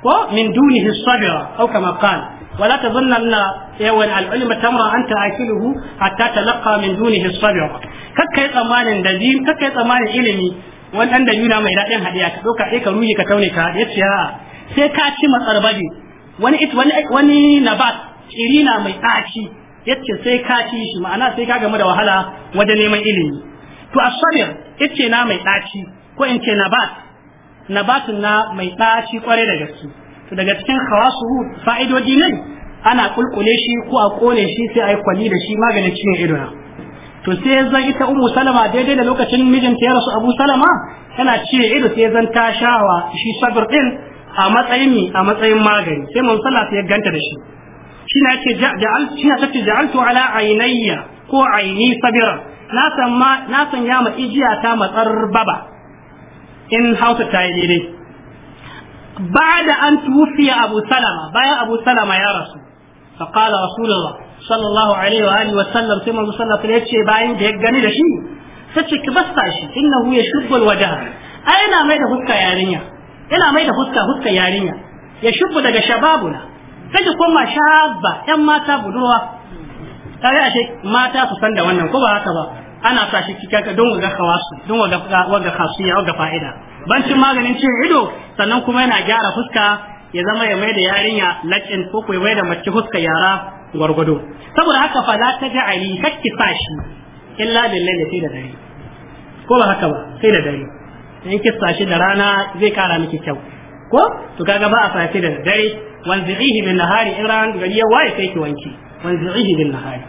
ko min dunihi sabra aw kama qala ولا تظنن العلم تمرا انت اكله حتى تلقى من دونه الصبر كك يا تمانين دجين كك يا تمانين ilimi wannan da yuna mai daɗin hadiya ka ɗauka sai ka ruhi ka taune ka ya ce sai ka ci matsarbabi wani it wani wani nabat iri mai ɗaci ya sai ka ci shi ma'ana sai ka gama da wahala wajen neman ilimi to asabir ice na mai ɗaci ko in ce nabat nabatun na mai ɗaci kwarai da gaske to daga cikin hawasu fa'idodi ne ana kulkule shi ko a kone shi sai a yi kwali da shi maganin cikin ido na to sai zan ita ummu salama daidai da lokacin mijinta ya rasu abu salama Yana ce ido sai zan ta shawa shi sabir din a matsayin mi a matsayin magani sai mun sallah sai ya ganta da shi shi na ce ja'al shi na tace ja'altu ala ainayya ko aini sabira na san ma na san ya ma ijiya ta matsar baba in hausa ta yi daidai ba'da an tufiya abu salama bayan abu salama ya rasu فقال رسول الله sallallahu alaihi wa alihi wa sallam sai manzo sallallahu alaihi yace bayan da ya gani da shi sai ce ki basta shi innahu yashubbu alwajha ai ina mai da huska yarinya ina mai da huska-huska yarinya ya shubbu daga shababuna sai kuma koma yan mata budurwa kare ashe mata su san da wannan ko ba haka ba ana sa shi cikin don ga kawasu don ga ga kasuya ga fa'ida bancin maganin cin ido sannan kuma yana gyara huska ya zama ya mai da yarinya lakin ko ko ya mai da mace huska yara gwargwado saboda haka fa la ta ja'ali kakki sashi illa billahi sai da dare ko ba haka ba sai da dare in ki sashi da rana zai kara miki kyau ko to kaga ba a sashi da dare wanzihi bin nahari in ran gari ya waye sai ki wanki wanzihi bin nahari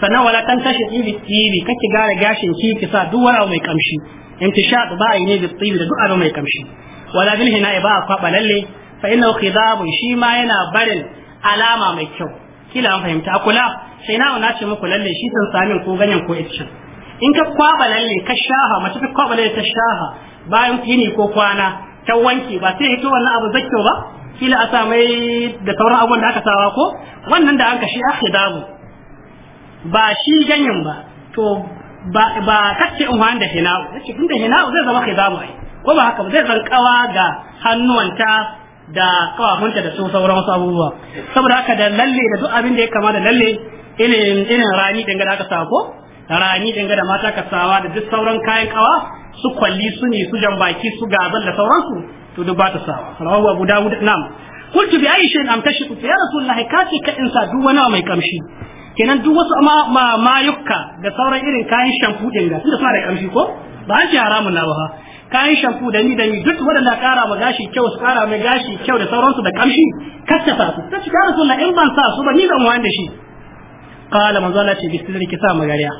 sannan wala tan tashi tibi tibi kake gara gashin ki ki sa duk wani mai kamshi in intishaq ba a yi ne da tibi da duk abu mai kamshi wala bilhi hina ba a kwaba lalle fa innahu khidabun shi ma yana barin alama mai kyau kila an fahimta kula sai na na ce muku lalle shi san samin ko ganyen ko itcin in ka kwaba lalle ka shaha mace ta kwaba lalle ta shaha bayan fini ko kwana ta wanke ba sai hito wannan abu zakyo ba kila a sa mai da sauran abubuwan da aka sawa ko wannan da an ka shi akhidabu ba shi ganyen ba to ba ba kace in wanda hina'u kace da hina'u zai zama khidabu ai ko ba haka ba zai zan kawa ga hannuwanta da kawafinta da su sauran wasu abubuwa saboda haka da lalle da duk abin da ya kama da lalle irin rani danga da aka sa ko rani danga da mata ka sawa da duk sauran kayan kawa su kwalli su ne su jambaki su gazal da sauransu to duk ba ta sawa rawu abu dawud nam qultu bi ayi shay'in am tashku ya rasulullahi kace ka insa duk wani mai kamshi kenan duk wasu ma mayukka da sauran irin kayan shampoo din da suna da kamshi ko ba an ce haramun na ba kayan shampu da ni da ni duk waɗanda ƙara ma gashi kyau su ƙara mai gashi kyau da sauransu da ƙamshi kasta sa su tace ya rasulullah in ban sa su ba ni ban wani da shi qala manzo Allah ce bisir ki sa magariya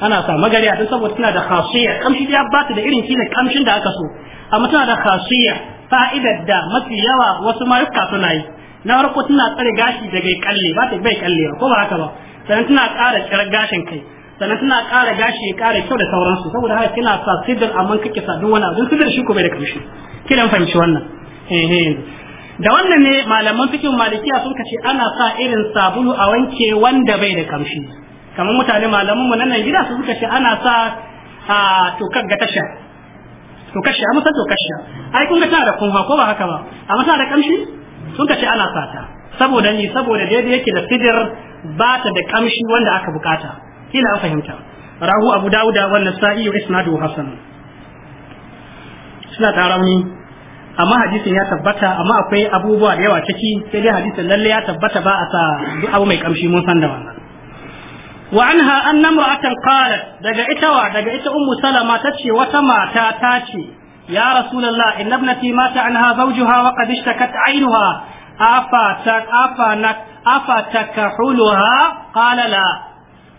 ana sa magariya don saboda tana da khasiyya ƙamshi da ba ta da irin kila ƙamshin da aka so amma tana da khasiyya fa'idar da mafi yawa wasu mayuka suna yi na farko tana tsare gashi daga kalle ba ta bai kalle ko ba haka ba sannan tana ƙara kirar gashin kai sannan suna ƙara gashi ya ƙara kyau da sauransu saboda haka kina sa sidir amma kake sa duk wani abin sidir shi ko bai da kamshi kina fahimci wannan eh, eh. da wannan ne malaman fikin malikiya sun kace ana sa irin sabulu a wanke wanda bai da kamshi kamar mutane malaman mu nan gida su suka ce ana sa a tokar ga tasha tokar amma sa tokar sha ai kun ga tana da kunha ko ba haka ba amma tana da kamshi sun kace ana sa ta saboda ni saboda daidai yake da sidir ba ta da kamshi wanda aka bukata kila an fahimta rahu abu da wannan nasa'i wa isnadu hasan suna da rauni amma hadisin ya tabbata amma akwai abubuwa da yawa ciki sai dai hadisin lalle ya tabbata ba a sa duk abu mai kamshi mun san da wannan wa anha anna imra'atan qalat daga ita wa daga ita ummu salama tace wata mata ta ce ya rasulullah inna ibnati mata anha zawjuha wa qad ishtakat 'aynuha afa tak afa nak afa takahuluha qala la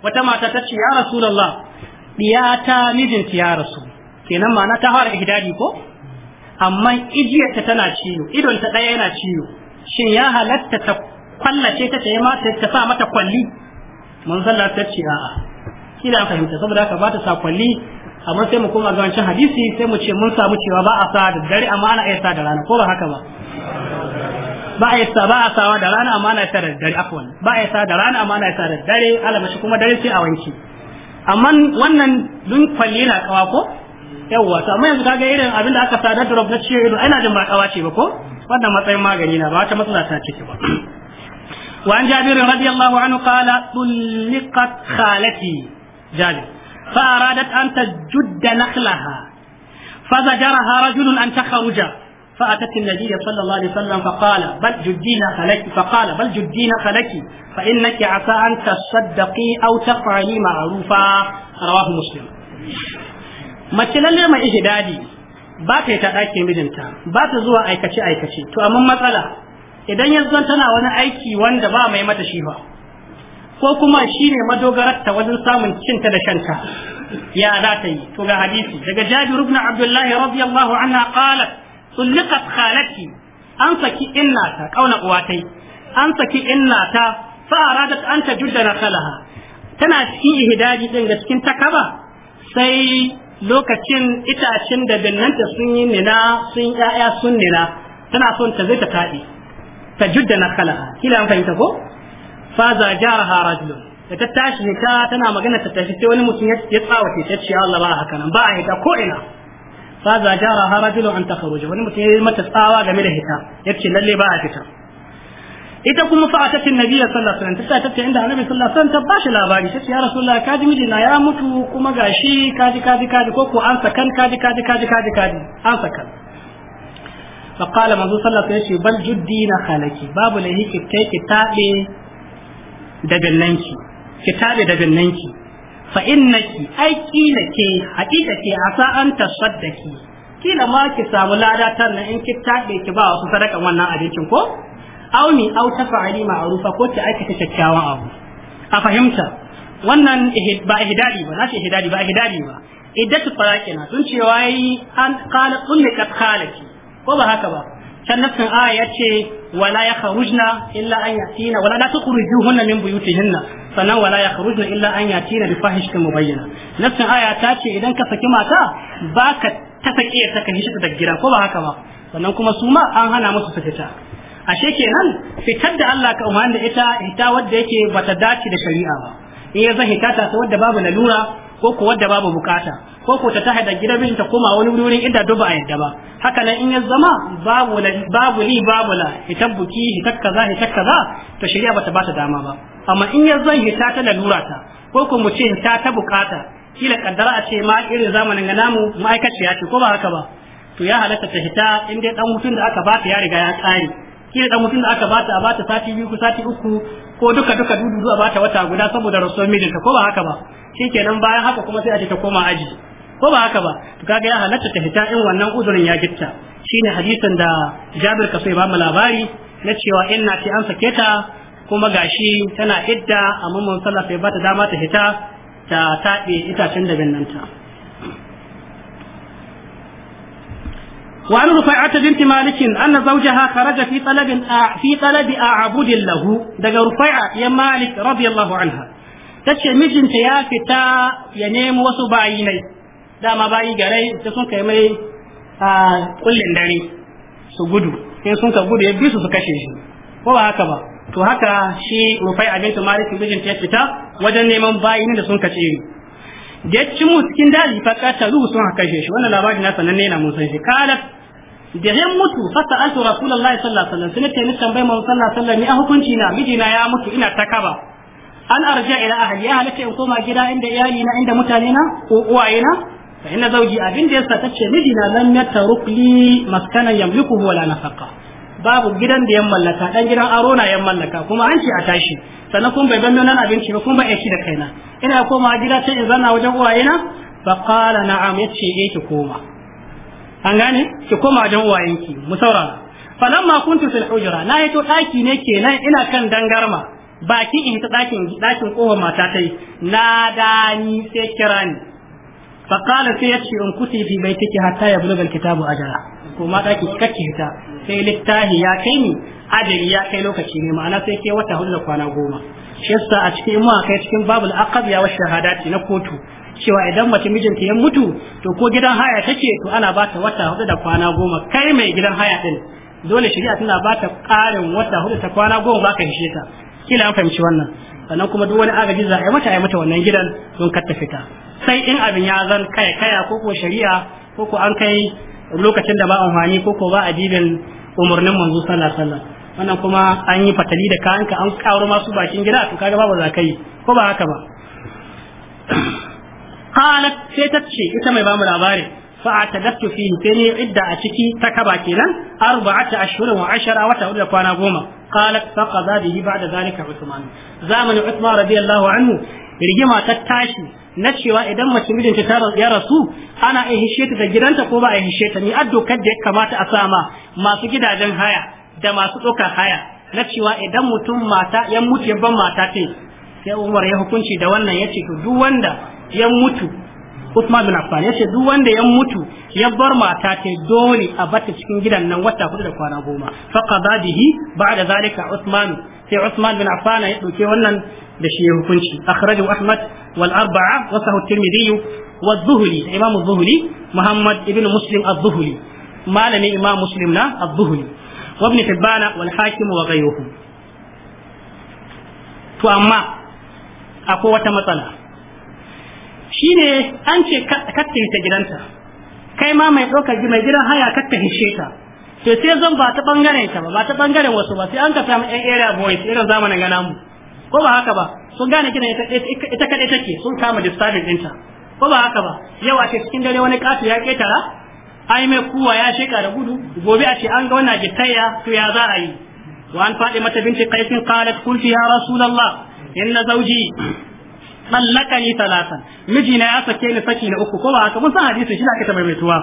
wata mata ta ce ya rasulallah diyata mijinta ya rasu kenan ma'ana ta fara ihdadi ko amma ijiyarta tana ciwo idon ta daya yana ciwo shin ya halatta ta kwallace ta ta yi mata ta sa mata kwalli mun sallah ta ce a'a kila fahimta saboda haka bata ta sa kwalli amma sai mu koma ga wancan hadisi sai mu ce mun samu cewa ba a sa da dare amma ana iya sa da rana ko ba haka ba ba a yasa ba a sawa da rana amma na yasa da dare afwan ba a yi yasa da rana amma na yasa da dare alamashi kuma dare sai a wanki amma wannan dun kwalli na kawa ko yawwa to amma yanzu kaga irin abin da aka sa da drop na ciwo ido ina jin ba kawa ce ba ko wannan matsayin magani na ba wata matsala ta ciki ba وعن جابر رضي الله عنه قال طلقت خالتي جابر فأرادت أن تجد نخلها فزجرها رجل أن تخرج فأتت النبي صلى الله عليه وسلم فقال بل جدين خلك فقال بل جدين خلك فإنك عسى أن تصدقي أو تفعلي معروفا رواه مسلم ما تلالا ما إهدادي ba ta yi ta ɗakin mijinta ba ta zuwa aikace aikace to amma matsala idan ya tana wani aiki wanda ba mai mata shi ba ko kuma shi ne madogararta wajen samun cinta da shanta ya za ta yi to ga hadisi daga jabiru ibn abdullahi radiyallahu anha qalat tsullikat khalati an saki inna ta kauna uwatai an saki inna ta fa aradat an tajudda nakalaha tana cikin ihdaji din ga cikin takaba sai lokacin itacin da binnanta sun yi nina sun ya'ya sun nina tana son ta zai ta kaɗi ta judda nakalaha kila an fahimta ko faza jaraha rajulun da ta tashi ta tana magana ta tashi sai wani mutum ya tsawace ta ce Allah ba haka nan ba a hita ko ina fa za jara harajulu an takhruja wani mutum yayi mata tsawa game da hita yace lalle ba a fita ita kuma fa atatin nabiyyi sallallahu alaihi wasallam ta tace inda annabi sallallahu alaihi wasallam ta bashi labari tace ya rasulullah kaji miji na ya mutu kuma gashi kaji kaji kaji ko ko an sakan kaji kaji kaji kaji kaji an sakan fa qala manzo sallallahu alaihi wasallam bal juddina khalaki babu lahi ki kai ki da gallanki ki da gallanki fa innaki ai kila ke hakika ke asa an tasaddaki kila ma ki samu lada tan nan in ki tabe ki ba wasu sadaka wannan abincin ko auni au tafa'ali ma'rufa ko ki aikata kyakkyawan abu a fahimta wannan ba ihdadi ba nashi ihdadi ba ihdadi ba iddatu talaqina tun cewa yi an qala kulli qad khalaki ko ba haka ba can sun aya ya ce wala ya kharujna illa an yatina wala la tukhrijuhunna min buyutihinna sannan wala ya kharujna illa an yatina bi fahishatin mubayyana nafsin aya ta ce idan ka saki mata baka ta saki ta kan shi da gida ko ba haka ba sannan kuma su ma an hana musu su fita ashe kenan fitar da Allah ka umarni da ita ita wadda yake bata dace da shari'a ba in ya zan hita ta wadda babu lalura ko ko wadda babu bukata ko ko ta tahada gidan ta koma wani wurin inda duba a yadda ba haka nan in ya zama babu la babu li babu la hitabbuki hitakkaza hitakkaza to shari'a bata bata dama ba amma in ya zan hita ta lalura ta ko ko mu ce hita ta bukata kila kaddara a ce ma irin zamanin ga namu ma'aikaciya ce ko ba haka ba to ya halatta ta hita in dai dan mutun da aka ba ta ya riga ya tsare kila dan mutun da aka ba ta, a ba ta sati biyu ko sati uku ko duka duka dudu a ta wata guda saboda rasuwar mijinta ko ba haka ba shikenan bayan haka kuma sai a ta koma aji ko ba haka ba to kaga ya halatta ta fita in wannan uzurin ya gitta shine hadisin da Jabir sai ba mu labari na cewa inna ce an sake ta kuma gashi tana idda amma mun sallah sai ba ta dama ta hita ta taɓe itacen da binnanta وعن رفيعة بنت مالك أن زوجها خرج في طلب في طلب أعبد له دق رفيعة يا مالك رضي الله عنها ta ce mijinta ya fita ya nemo wasu bayi ne dama bayi garai ta sun kai mai a kullin dare su gudu sai sun ka gudu ya bi su su kashe shi ko ba haka ba to haka shi rufai abinci maliki mijinta ya fita wajen neman bayi ne da sun kace ni da ya ci mu cikin daji fa kata ruhu sun haka kashe shi wannan labarin na sananne na mun san shi kala da ya mutu fa sa'altu rasulullahi sallallahu alaihi wasallam sai ta ni tambaye mu sallallahu alaihi wasallam ni a hukunci na mijina ya mutu ina ta kaba an arja ila ahli ya halatta in koma gida inda iyali na inda mutane na ko uwaye na fa inna zawji abin da yasa tace miji na lam yataruk li maskana yamliku wala nafaqa babu gidan da ya mallaka dan gidan aro na ya mallaka kuma an ce a tashi sannan kuma bai gano nan abinci ba kuma bai ya da kaina ina koma gida sai in zanna wajen uwaye na fa qala na'am yace eh ki koma an gane ki koma wajen uwayenki mu saurara falamma kuntu fil hujra na yato daki ne kenan ina kan dangarma bakin in ta dakin dakin kofar mata tai na dani sai kira ni fa qala sai yace in kuti bi mai take hatta ya bal kitabu ajala ko ma daki kake ta sai littahi ya kai ni ajali ya kai lokaci ne ma'ana sai ke wata hudu da kwana goma shi a cikin mu kai cikin babul aqab ya wa shahadati na kotu cewa idan mace mijinta ya mutu to ko gidan haya take to ana ba ta wata hudu da kwana goma kai mai gidan haya din dole shari'a tana ba ta ƙarin wata hudu ta kwana goma ba ka hishe ta kila an fahimci wannan sannan kuma duk wani agaji za a yi mata a yi mata wannan gidan don kar ta fita sai in abin ya zan kaya kaya ko ko shari'a ko ko an kai lokacin da ba amfani ko ko ba a umarnin manzo sallallahu alaihi wasallam wannan kuma an yi fatali da kayanka an karo masu bakin gida to kaga babu zakai ko ba haka ba <coughs> qalat sai ta ce ita mai bamu labari fa atadattu fihi sai ne idda a ciki ta kaba kenan arba'ata ashhurun wa ashara wata hudu da kwana goma قالت فقضى به بعد ذلك عثمان زمن عثمان رضي الله عنه rigima tashi na cewa idan mace mijinta ta ya rasu ana a hishe ta da gidanta ko ba a hishe ta ni addokar da ya kamata a sama masu gidajen haya da masu ɗaukar haya na cewa idan mutum mata ya mutu ya ban mata ce sai umar ya hukunci da wannan ya ce to duk wanda ya mutu Usman bin Affan yace duk wanda ya mutu ya bar mata ta dole a bata cikin gidan nan wata hudu da kwana goma faqada bihi ba'da zalika Usman sai Usman bin Affan ya dauke wannan da shi ya hukunci akhrajahu Ahmad wal arba'a wa sahu Tirmidhi wa Zuhri Imam Zuhri Muhammad ibn Muslim az-Zuhri malami Imam Muslim na az-Zuhri wa ibn Hibban wal Hakim wa ghayruhum to amma akwai wata matsala shine an ce katta ta gidanta kai ma mai ɗaukar mai gidan haya katta hishe ta to sai zan ba ta bangaren ta ba ba ta bangaren wasu ba sai an ka samu ɗan area boys irin zamanin gana mu ko ba haka ba sun gane gidan ita kaɗai take sun kama disturbing ɗinta ko ba haka ba yau a ce cikin dare wani ƙasa ya ƙetara ai mai kuwa ya sheka da gudu gobe a ce an ga wannan gittaya to ya za a yi an faɗi mata قيس قالت قلت يا رسول الله Inna زوجي tsallakani ni miji mijina ya sake ni saki na uku ko ba haka mun san hadisi shi aka mai tuwa.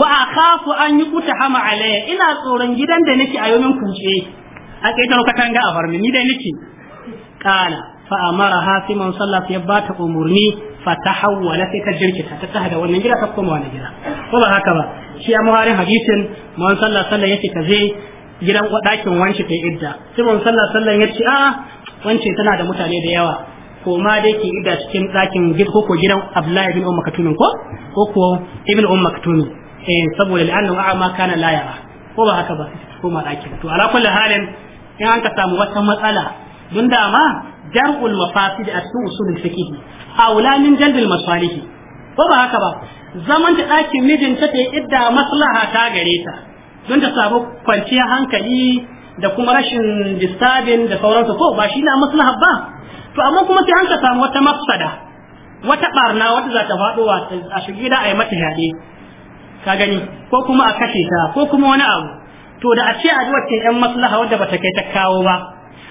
wa akhafu an yi yukuta hama alayya ina tsoron gidan da nake a yomin kuce a kai ta katanga ga ni dai nake kana fa amara hasiman sallah ya bata umurni fa tahawwala sai ta jirkita ta tahada wannan gida ta koma wannan gida ko ba haka ba shi ya muharin hadisin man sallah sallah yake kaze gidan dakin wance ta idda sai man sallah sallah yace a wance tana da mutane da yawa ko ma dai ki ida cikin ɗakin ko ko gidan Abdullahi ibn Ummu Maktum ko ko ko ibn Ummu Maktum eh saboda la'annahu a'ma kana la yara ko ba haka ba ko ma ɗakin to ala kulli halin in an ka samu wata matsala don ma jar'ul mafasid a cikin usulul fiqh aula min jalbil masalih ko ba haka ba zaman da ɗakin mijinta ta yi idda maslaha ta gare ta don ta samu kwanciyar hankali da kuma rashin disturbing da sauransu ko ba shi na maslaha ba to amma kuma sai an ka samu wata mafsada wata barna wata za ta faɗo a shige da a yi mata yaɗe ka gani ko kuma a kashe ta ko kuma wani abu to da a ce a ji wacce yan maslaha wadda ta kai ta kawo ba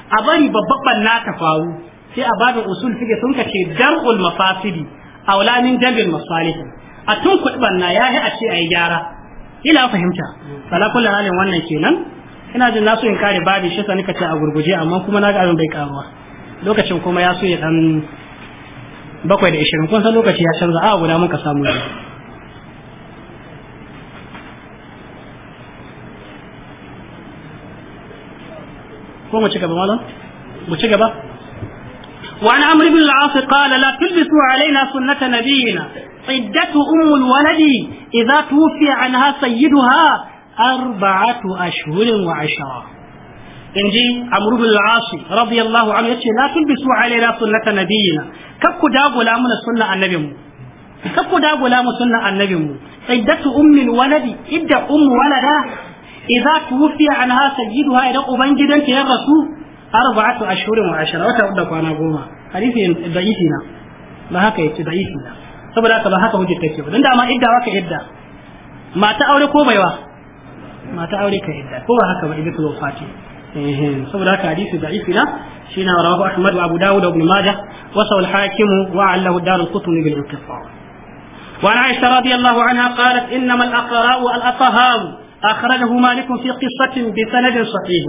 a bari babban na ta faru sai a babin usul fige sun kace dar'ul mafasidi aulamin jabil jambil masalih a tun kudban na yahi a ce yi gyara ila fahimta fala kullu wannan kenan ina jin nasu in kare babi shi sa nika ce a gurguje amma kuma na ga abin bai ba lokacin kuma ya so ya dan bakwai da ishirin kun san lokaci ya canza a guda muka samu ne ko mu ci gaba malam mu ci gaba وعن عمرو بن العاص قال لا تلبسوا علينا سنة نبينا عدة أم الولد إذا توفي عنها سيدها أربعة أشهر وعشرة in ji amrul asi radiyallahu anhu yace la tulbisu alaina sunnata nabiyina ku dagula mana sunna annabinmu ku dagula mu sunna annabinmu iddatu ummin waladi idda ummu walada idza tuwfiya anha sayyiduha idan ubangidanta ya rasu arba'atu ashhurin wa ashara wata da kwana goma hadisi da'ifi na ba haka yace da'ifi na saboda haka ba haka hujjar take ba dan da ma idda waka idda mata aure ko baiwa mata aure ka idda ko ba haka ba idda ko fati Eh, saboda haka hadisi da'ifi na shi na rawahu ahmad wa abu dawud wa ibn majah wa sahal al وعن عائشة رضي الله عنها قالت إنما الأقراء والأطهار أخرجه مالك في قصة بسند صحيح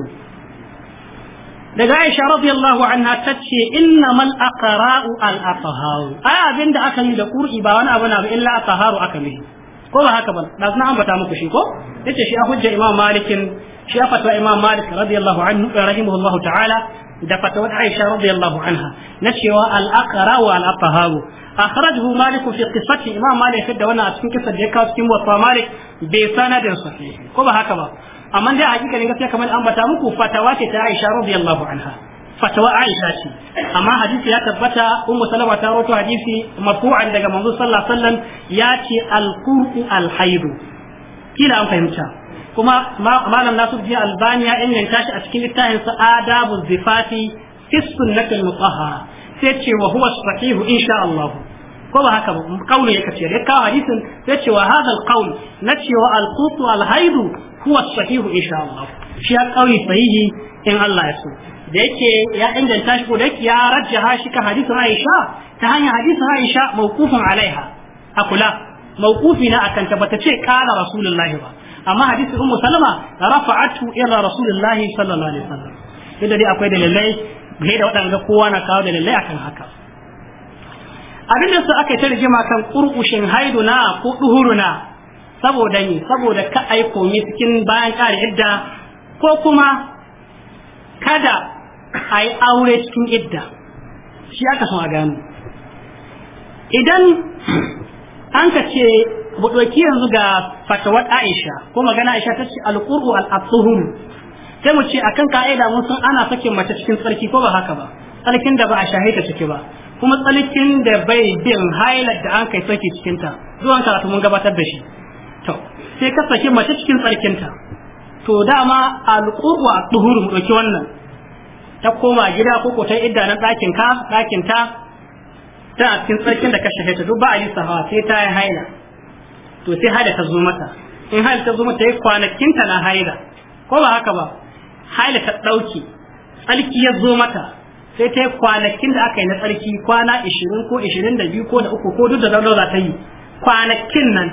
daga Aisha radiyallahu anha ta ce innamal aqra'u al athaharu ai abin da aka yi da qur'i ba wani abu na ba illa athaharu aka yi ko ba haka ba da muku shi ko yace shi a hujja Imam Malikin shi ya fatawa imam malik eh, ta'ala da fatawa aisha radiyallahu anha na cewa al-aqra wa al-ataharu akhrajahu malik fi qissati imam malik da wannan a cikin kisa da ya kawo cikin wasa malik bai sanadin sahih ko ba haka ba amma dai hakika ne gaskiya kamar an bata muku fatawa ce ta aisha radiyallahu anha fatawa aisha ce amma hadisi ya tabbata ummu salama ta rawaito hadisi marfu'an daga manzo sallallahu alaihi ya ce al-qur'u al-haidu kila an fahimta kuma malam na jiya albani ya inganta shi a cikin littafin sa adabu zifati fi sunnatul mutahhara sai ce wa huwa sahihu insha Allah ko ba haka ba kauli yake ce da ka hadisin sai ce wa hadal qaul na cewa al qutu al haidu huwa sahihu insha Allah shi ya kauli sahihi in Allah ya so da yake ya inganta shi ko da yake ya rajjaha shi ka hadisin Aisha ta hanyar hadisin Aisha mawqufun alaiha akula mawqufi na akan ta bata ce kana rasulullahi ba amma hadisi ummu salama rafa'atu ila rasulillahi sallallahu alaihi wasallam inda dai akwai dalilai ne da wadanda kowa na kawo dalilai akan haka abin da su aka yi ta kan kurkushin haiduna ko duhuruna saboda ni saboda ka aiko ni cikin bayan kare idda ko kuma kada a aure cikin idda shi aka so a gano idan an ka ce yanzu ga fatawar Aisha ko magana Aisha ta ce alqur'u al'asuhun sai mu ce akan ka'ida mun san ana sakin mace cikin tsarki ko ba haka ba tsarkin da ba a shahita ciki ba kuma tsarkin da bai bin hailar da an kai tsarki cikinta zuwan karatu mun gabatar da shi to sai ka saki mace cikin tsarkinta. to dama alqur'u a tuhur mu ɗauki wannan ta koma gida ko ko ta idda na ɗakin ka ɗakin ta ta cikin tsarkin da ka shahe ta duk ba a yi sahawa sai ta yi haila to sai haila ta zo mata in haila ta zo mata ya kwanakin ta na haila ko ba haka ba haila ta ɗauke tsarki ya zo mata sai ta yi kwanakin da aka yi na tsarki kwana ishirin ko ishirin da biyu ko da uku ko duk da daular za ta yi kwanakin nan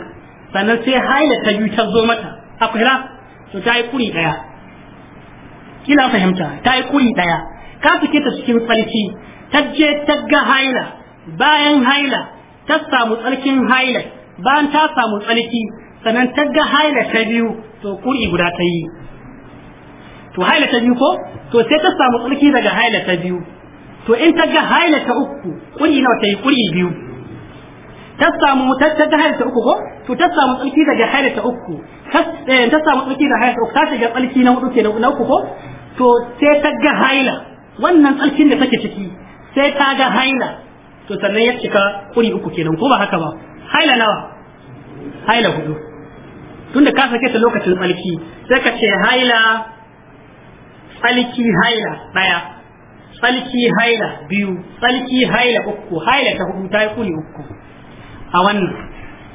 sannan sai haila ta yi ta zo mata akwai ra to ta yi kuri ɗaya kila fahimta ta yi kuri ɗaya ka fike ta cikin tsarki ta je ta ga haila bayan haila ta samu tsarkin haila bayan ta samu tsarki sannan ta ga haila ta biyu to kuri guda ta yi to haila ta biyu ko to sai ta samu tsarki daga haila ta biyu to in ta ga haila ta uku kuri nawa ta yi kuri biyu ta samu ta ga haila ta uku ko to ta samu tsarki daga haila ta uku ta eh, samu tsarki daga haila ta uku ta shiga tsarki na hudu kenan na uku ko to sai ta ga haila wannan tsarkin da take ciki sai ta ga haila to sannan ya cika kuri uku kenan ko ba haka ba haila nawa haila hudu tunda ka sake ta lokacin tsalki sai ka ce haila tsalki haila daya tsalki haila biyu tsalki haila uku haila ta hudu ta yi kuri uku a wannan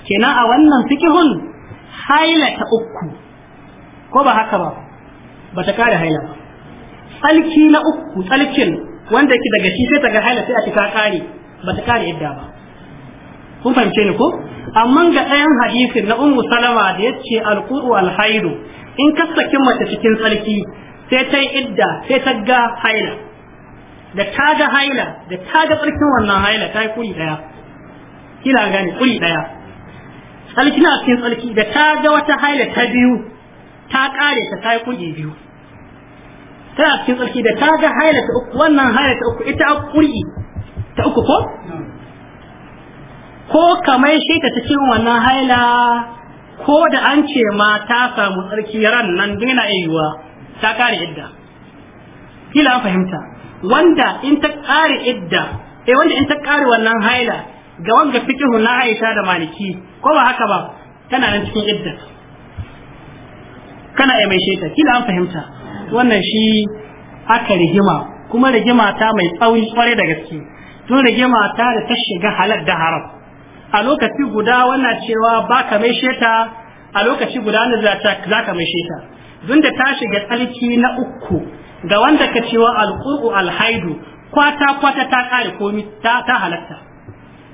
kenan a wannan fikihun haila ta uku ko ba haka ba ba ta kare haila ba tsalki na uku tsalkin wanda yake daga shi sai ta ga haila sai a cika kare Ba bata kare idda ba kun fahimce ni ko amma ga ɗayan hadisin na ummu salama da yace alquru alhaidu in ka saki mace cikin sarki sai ta yi idda sai ta ga haila da ta ga haila da ta ga tsarkin wannan haila ta yi kuri daya kila gane kuri daya sarki na cikin sarki da ta ga wata haila ta biyu ta kare ta ta yi kuri biyu tana cikin sarki da ta ga haila ta uku wannan haila ta uku ita kuri ta uku ko ko kamar shi ta cikin wannan haila ko da an ce ma ta samu tsarki ran nan duk yana yiwuwa ta kare idda kila an fahimta wanda in ta kare idda eh wanda in ta kare wannan haila ga wanga fikihu na Aisha da Maliki ko ba haka ba tana nan cikin idda kana ya mai sheta kila an fahimta wannan shi aka rigima kuma rigima ta mai tsauri kware da gaske Tun rage mata da ta shiga halar da haram a lokaci guda wannan cewa ba ka mai sheta a lokaci guda na za ka mai sheta don da ta shiga tsarki na uku ga wanda ka cewa alƙur'u alhaidu kwata kwata ta ƙare komi ta ta halatta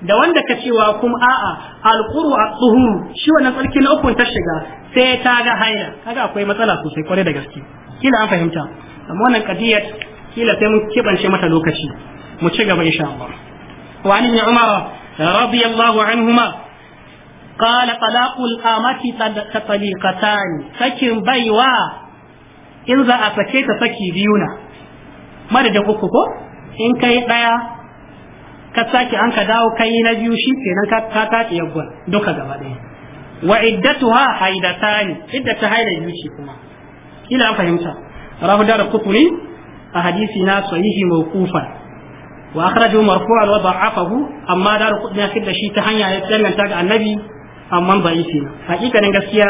da wanda ka cewa kuma a'a alƙuru a tsuhuru shi wannan tsarki na uku ta shiga sai ta ga haila kaga akwai matsala sosai kwarai da gaske kila an fahimta amma wannan kadiyar kila sai mun kibance mata lokaci mu ci gaba insha Allah wa an ibn umar radiyallahu anhuma qala talaqul amati tataliqatan sakin baiwa in za a sake ta saki biyu na madadin uku ko in kai daya ka sake an ka dawo kai na biyu shi kenan ka ka tace yaggon duka gaba daya wa iddatuha haidatani iddatu haida biyu ce kuma Ila an fahimta rahu da a hadisi na sahihi mawqufan wa akhrajahu marfu'an wa da'afahu amma daru kudin ya fitar shi ta hanya ya danganta ga annabi amma ba yi na hakikanin gaskiya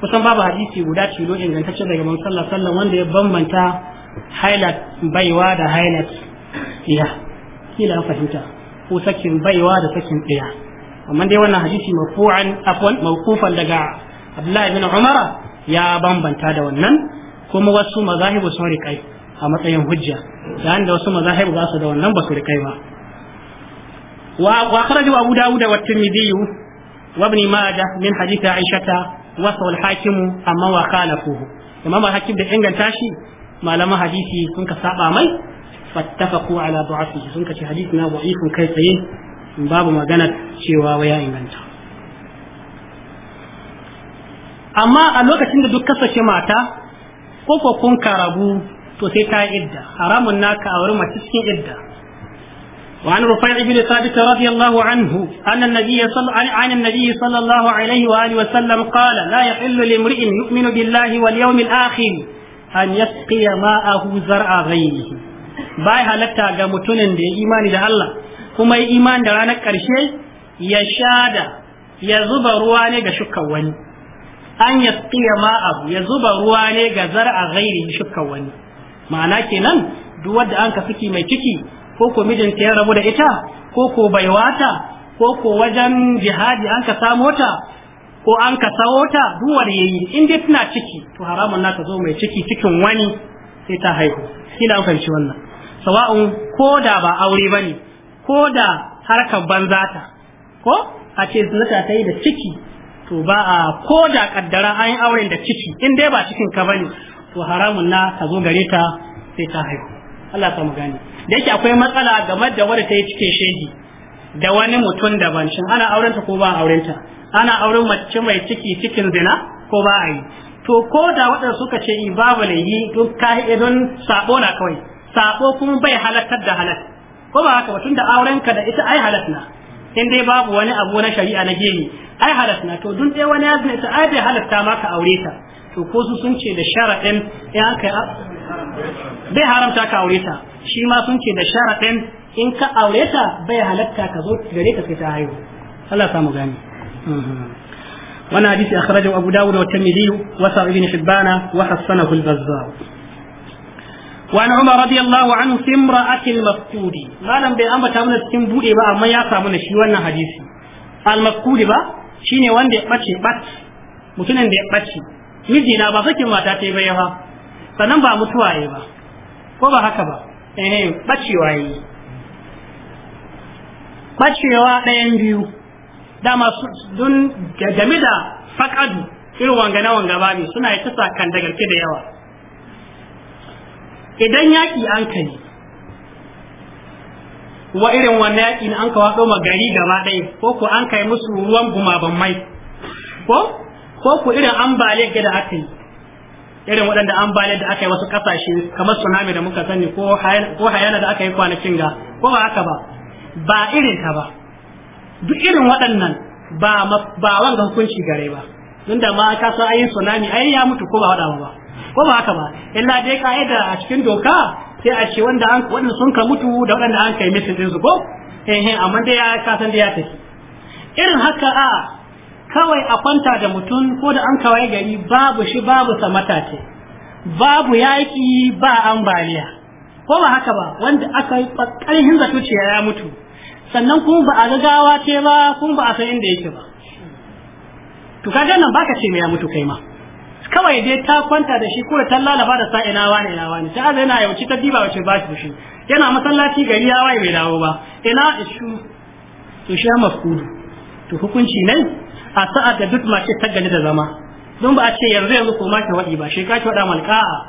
kusan babu hadisi guda tilo ingantacce daga manzon sallallahu alaihi wanda ya bambanta highlight baiwa da highlight iya kila an fahimta ko sakin baiwa da sakin ɗaya amma dai wannan hadisi marfu'an afwan mawqufan daga Abdullahi bin Umar ya bambanta da wannan kuma wasu mazahibu sun riƙai a matsayin hujja yayin da wasu mazahib ba su da wannan ba su da kai ba wa kharaju abu dawud wa tirmidhi wa ibn majah min hadith aisha wa sahih hakim amma wa khalafuhu imam hakim da inganta shi malaman hadisi sun ka saba mai fattafaqu ala du'afihi sun ka ce hadith na da'ifun kai tsaye babu magana cewa waya inganta amma a lokacin da duk kasashe mata ko kun karabu to sai ta idda haramun naka aure mace cikin idda وعن رفيع بن ثابت رضي الله عنه أن النبي صلى عن النبي صلى الله عليه وآله وسلم قال لا يحل لامرئ يؤمن بالله واليوم الآخر أن يسقي ماءه زرع غيره Bai هلتا ga mutumin da ya imani da Allah kuma ya imani da ranar karshe ya shada ya zuba ruwa ne ga shukkan wani an yasqiya ma'ahu ya zuba ruwa ne ga zar'a ghairi shukkan wani ma'ana kenan duk wanda an ka saki mai ciki ko ko mijinta ya rabu da ita ko ko wata ko ko wajen jihadi an ka samo ta ko an ka sawo ta duk wanda yayi in dai tana ciki to haramun naka zo mai ciki cikin wani sai ta haihu kila an fahimci wannan sawa'un ko da ba aure bane ko da harkar banza ta ko a ce zinata ta yi da ciki to ba a ko da kaddara an yi auren da ciki in dai ba cikin ka bane to haramun na ta zo gare ta sai ta haihu Allah ta mu gani. da yake akwai matsala game da wadda ta yi cike shegi da wani mutum daban shin ana auren ta ko ba auren ta ana auren mace mai ciki cikin zina ko ba a yi to ko da waɗanda suka ce in babu yi don kahi don sabo na kawai sabo kuma bai halartar da halal ko ba haka ba tunda auren ka da ita ai halal na in dai babu wani abu na shari'a na gini ai halal na to dun dai wani ya zina ita ai bai halarta maka aure ta to ko su sun ce da sharaɗin in aka bai haramta ka aure ta shi ma sun ce da sharaɗin in ka aure ta bai halatta ka zo gare ka sai ta haihu Allah ya samu gani وانا حديث اخرجه ابو داود والترمذي وسع بن حبان وحسنه البزار وعن عمر رضي الله عنه في امرأة المفقود ما لم بأمر تامنا سكين بودي بقى ما ياسا من شي وانا حديثي المفقود بقى شيني وان دي باتشي بات متنين دي باتشي mijina ba sakin mata ta yi ba yawa sannan ba mutuwa yi ba ko ba haka ba eh bacewa yi bacewa ɗayan biyu dama don game da faƙadu irin wanga na wanga ne suna yi ta sakan da garke da yawa idan yaƙi an kai wa irin wannan yaƙi an kawo gari gaba ɗaya ko ko an kai musu ruwan gumaban mai ko ko ku irin ambaliyar da aka yi irin waɗanda ambaliyar da aka yi wasu ƙasashe kamar tsunami da muka sani ko hayana da aka yi kwanakin ga ko ba haka ba ba irin ta ba duk irin waɗannan ba wanda hukunci gare ba don da ma ka san ayin tsunami ayi ya mutu ko ba waɗa ba ko ba haka ba illa dai ka'ida a cikin doka sai a ce wanda an waɗanda sun ka mutu da waɗanda an kai mitin ɗinsu ko eh, eh amma dai ya san dai ya tafi irin haka a kawai a kwanta da mutum ko da an kawai gari babu shi babu samata ce babu yaƙi ba ambaliya ko ba haka ba wanda aka yi ƙarfin zato ce ya mutu sannan kuma ba a gagawa ce ba kuma ba a san inda yake ba to kaga nan baka ce ya mutu kai ma kawai dai ta kwanta da shi ko ta lalaba da na wani ina wani ta azai na yauci ta diba wace ba shi yana masallaci gari ya waye bai dawo ba ina ishu to shi mafkudu to hukunci nan a sa'a da duk mace ta gani da zama don ba a ce yanzu yanzu ko ma waɗi ba shi ka waɗa malka a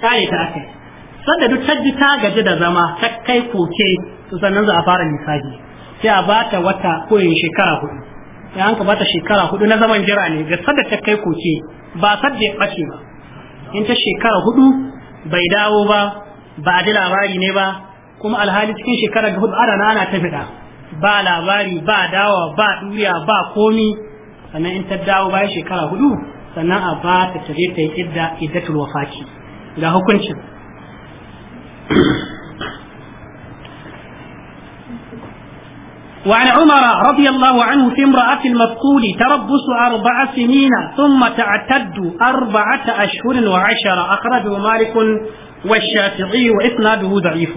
kare ta ake sanda duk ta ji ta gaji da zama ta kai koke to sannan za a fara misali sai a ba ta wata koyin shekara hudu ya an ka ba ta shekara hudu na zaman jira ne ga sanda ta kai koke ba sanda ya ɓace ba in ta shekara hudu bai dawo ba ba a ji labari ne ba kuma alhali cikin shekara hudu ana ana ta fiɗa ba labari ba dawa ba duniya ba komi sannan in ta dawo bayan shekara hudu sannan a ba ta tare ta yi idda iddatul wafaki ga hukuncin وعن عمر رضي الله عنه في امرأة المفقود تربص أربع سنين ثم تعتد أربعة أشهر وعشرة أخرجه مالك والشافعي وإسناده ضعيف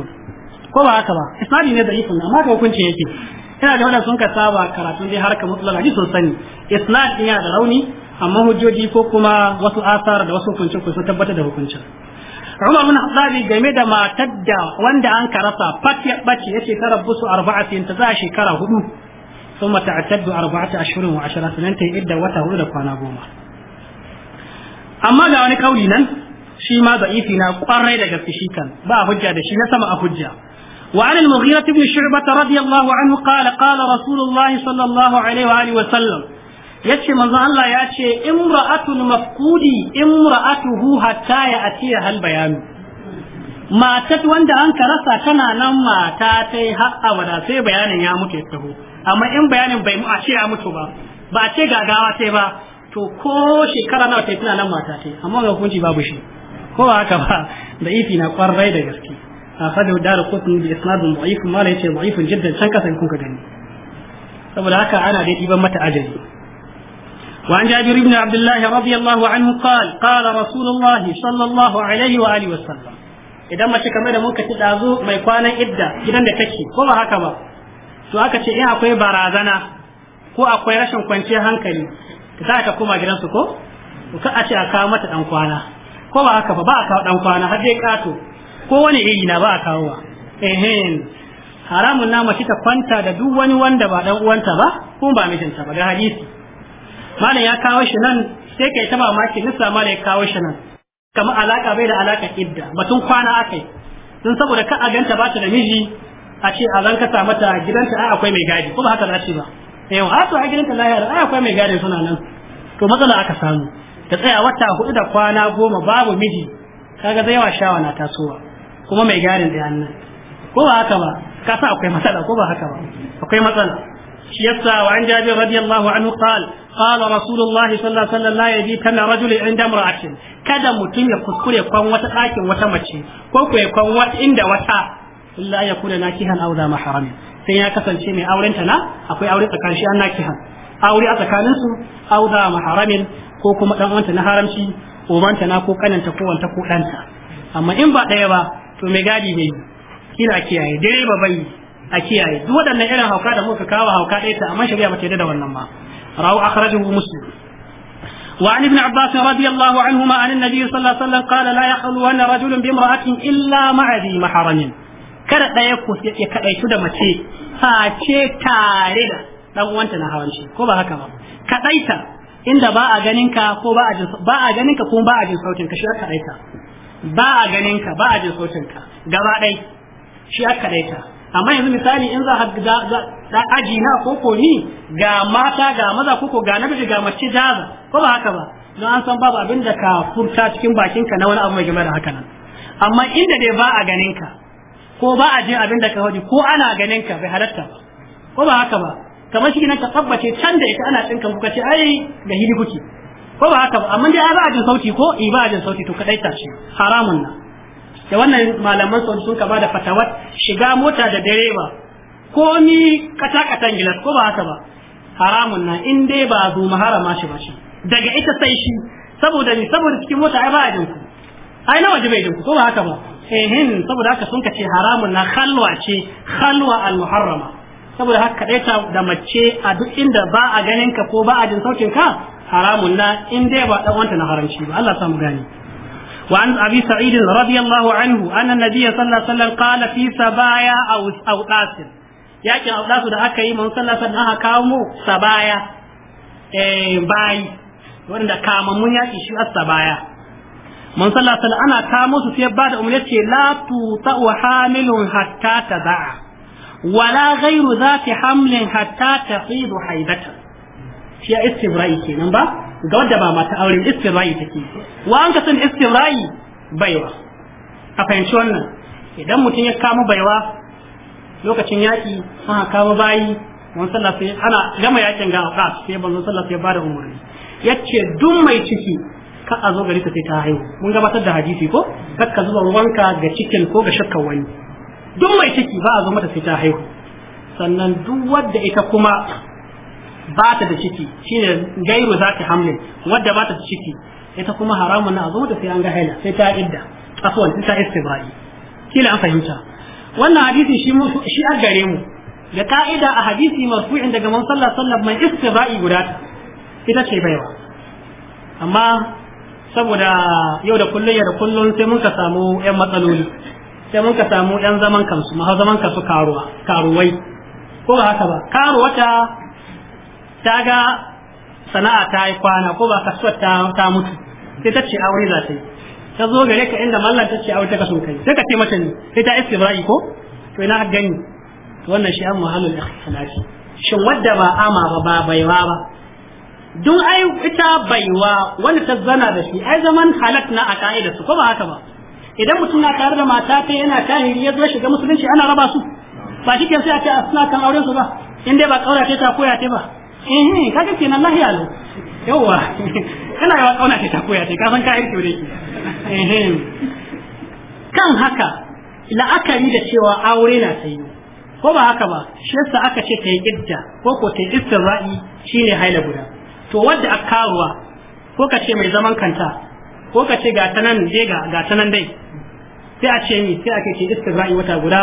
ko ba haka ba isnadi ne da ifin amma ga hukunci yake ina da wadanda sun ka saba karatun dai harkar mutlal hadisi sun sani isnad din yana da rauni amma hujjoji ko kuma wasu asar da wasu hukuncin ku sun tabbatar da hukuncin Umar bin Khattab game da matar da wanda an karasa fat ya bace ya shekara busu arba'atin ta za shekara hudu ashirin تعتد ta yi idda wata تيدا da kwana goma. amma ga wani kauli nan shi ma za'ifi na kwarai da gaske shi kan ba a hujja da shi na sama a hujja وعن المغيرة بن شعبة رضي الله عنه قال قال رسول الله صلى الله عليه وآله وسلم yace manzon Allah ya ce imra'atun mafkudi imra'atuhu hatta ya atiya hal bayanu matat wanda an rasa tana nan matatai ta yi sai bayanin ya mutu ya taho amma in bayanin bai mu a mutu ba ba a ce gagawa sai ba to ko shekara nawa ta nan mata amma babu shi ko haka ba da ifi na da gaske akhadahu dar qutni bi isnadin da'if ma la yace da'ifun jiddan san kasan kun ka gani saboda haka ana dai diban mata ajali وعن جابر بن عبد الله رضي الله عنه قال idan mace kame da muka ci dazu mai kwanan idda gidan da take ko haka ba to aka ce in akwai barazana ko akwai rashin kwanciyar hankali za ta koma gidansu ko ka a ce a kawo mata dan kwana ko ba haka ba ba a kawo dan kwana har dai kato ko wani iri na ba a kawowa Ehen haramun na mace ta kwanta da duk wani wanda ba dan uwanta ba ko ba mijinta ba ga hadisi malam ya kawo shi nan sai kai ta mamaki nisa malam ya kawo shi nan kamar alaka bai da alaka idda batun kwana akai don saboda ka a ganta ba ta da miji a ce a zan kasa mata gidanta a akwai mai gadi ko ba haka za ce ba yau a to a gidanta lahiyar a akwai mai gadi suna nan to matsala aka samu da tsaya wata hudu da kwana goma babu miji kaga zai yawa shawa na tasowa kuma mai garin da hannun ko ba haka ba ka san akwai matsala ko ba haka ba akwai matsala shi yasa wa an jabir radiyallahu anhu qala qala rasulullah sallallahu alaihi wasallam la yaji kana rajulun inda imra'atin kada mutum ya kuskure kwan wata dakin wata mace ko ko ya kwan wata inda wata illa ya kuna nakihan aw da mahram sai ya kasance mai auren ta na akwai aure tsakanin shi an nakihan aure a tsakanin su aw da mahramin ko kuma dan uwanta na haramci ubanta na ko kananta ko wanta ko danta amma in ba ɗaya ba to mai gadi bai kila kiyaye direba bai a kiyaye duk waɗannan irin hauka da muka kawo hauka ɗaya ta amma shari'a ba ta da wannan ma rawu akhrajahu muslim وعن ابن عباس رضي الله عنهما عن النبي صلى الله عليه وسلم قال لا يخلون رجل بامرأة إلا مع ذي محرم kada ɗaya ku ya kaɗaitu da mace face tare da ɗan uwanta na hawan shi ko ba haka ba kaɗaita inda ba a ganinka ka ko ba a jin ba a ganin ka ko ba a jin sautin ka shi kaɗaita ba a ganin ka ba a jin sautin ka gaba dai shi aka daita amma yanzu misali in za a aji na koko ni ga mata ga maza koko ga namiji ga mace jaza ko ba haka ba don an san babu abin da ka furta cikin bakin ka na wani abu mai game da haka nan amma inda dai ba a ganin ka ko ba a jin abin da ka haji ko ana ganin ka bai halatta ba ko ba haka ba kamar shi ne ka tabbace can da ita ana tsinkan kuka ce ai ga hili kuke ko ba haka ba amma dai ba a jin sauti ko in eh, ba a jin sauti to kadai tashi haramun nan. da wannan malaman sun sun ka bada fatawa shiga mota da direba ko ni kata katan gilas ko ba haka ba haramun nan in dai ba zu maharama shi ba shi daga ita sai shi saboda ni saboda cikin mota ai ba a jin ku ai na waje bai jin ku ko ba haka ba ehin saboda haka sun ka ce haramun na khalwa ce khalwa al muharrama saboda haka kadaita ta da mace a duk inda ba a ganin ka ko ba a jin sautin ka haramun na in dai ba dan wanta na haramci ba Allah samu gani وعن أبي سعيد رضي الله عنه أن النبي صلى الله عليه وسلم قال في سبايا أو أو قاسم yakin da aka yi mun sallasan aka kawo mu sabaya eh bayi wanda kamammun yaki shi as sabaya mun sallasan ana kawo su sai ba da umarni ce la tu ta wa hamilun hatta tadaa wala ghayru zati hamlin hatta tafidu haidatan shi ya istibra'i kenan ba ga wadda ba mata aure istibra'i take wa an kasan istibra'i baiwa a fahimci wannan idan mutum ya kama baiwa lokacin yaki an kama bayi sallah sai ana gama yakin ga aka sai ban sallah sai bada ya yace duk mai ciki ka a zo gari ta sai ta haihu mun gabatar da hadisi ko kakka zuba ruwanka ga cikin ko ga shakkan wani duk mai ciki ba a zo mata sai ta haihu sannan duk wadda ita kuma ba ta da ciki ne gairu za ta hamlin wadda ba ta da ciki ita kuma haramun na a zo da sai an ga haila sai ta idda afwan sai ta istibra'i kila an fahimta wannan hadisi shi mu shi a gare mu da ka'ida a hadisi marfu'in daga man sallallahu alaihi mai istibra'i guda ita ce baiwa amma saboda yau da kullun yau da kullun sai mun ka samu yan matsaloli sai mun ka samu yan zaman kansu ma zaman kansu karuwa karuwai ko ba haka ba karuwata ta ga sana'a ta yi kwana ko ba kasuwar ta ta mutu sai ta ce aure za ta yi ta zo gare ka inda mallan ta ce aure ta kasu kai sai ka ce mata ne sai ta istibra'i ko to ina gani to wannan shi an muhammad al-ikhlasi shin wadda ba ama ba ba baiwa ba duk ai ita baiwa wanda ta zana da shi ai zaman halat na a ka'ida su ko ba haka ba idan mutum na tare da mata ta yana tahiri ya zo shiga musulunci ana raba su ba shi sai a ce a suna kan auren su ba in dai ba kaura ta koya ta ba eh kaga kenan lahiya lo yawa kana yawa kauna ta koya ta kafin ka aiki wuri eh kan haka la'akari da cewa aure na ta yi ko ba haka ba shi yasa aka ce ta yi idda ko ko ta yi istirra'i shine haila guda to wadda aka karuwa ko ka ce mai zaman kanta ko ka ce ga tanan je ga ga tanan dai sai a ce ni sai ake ce istirra'i wata guda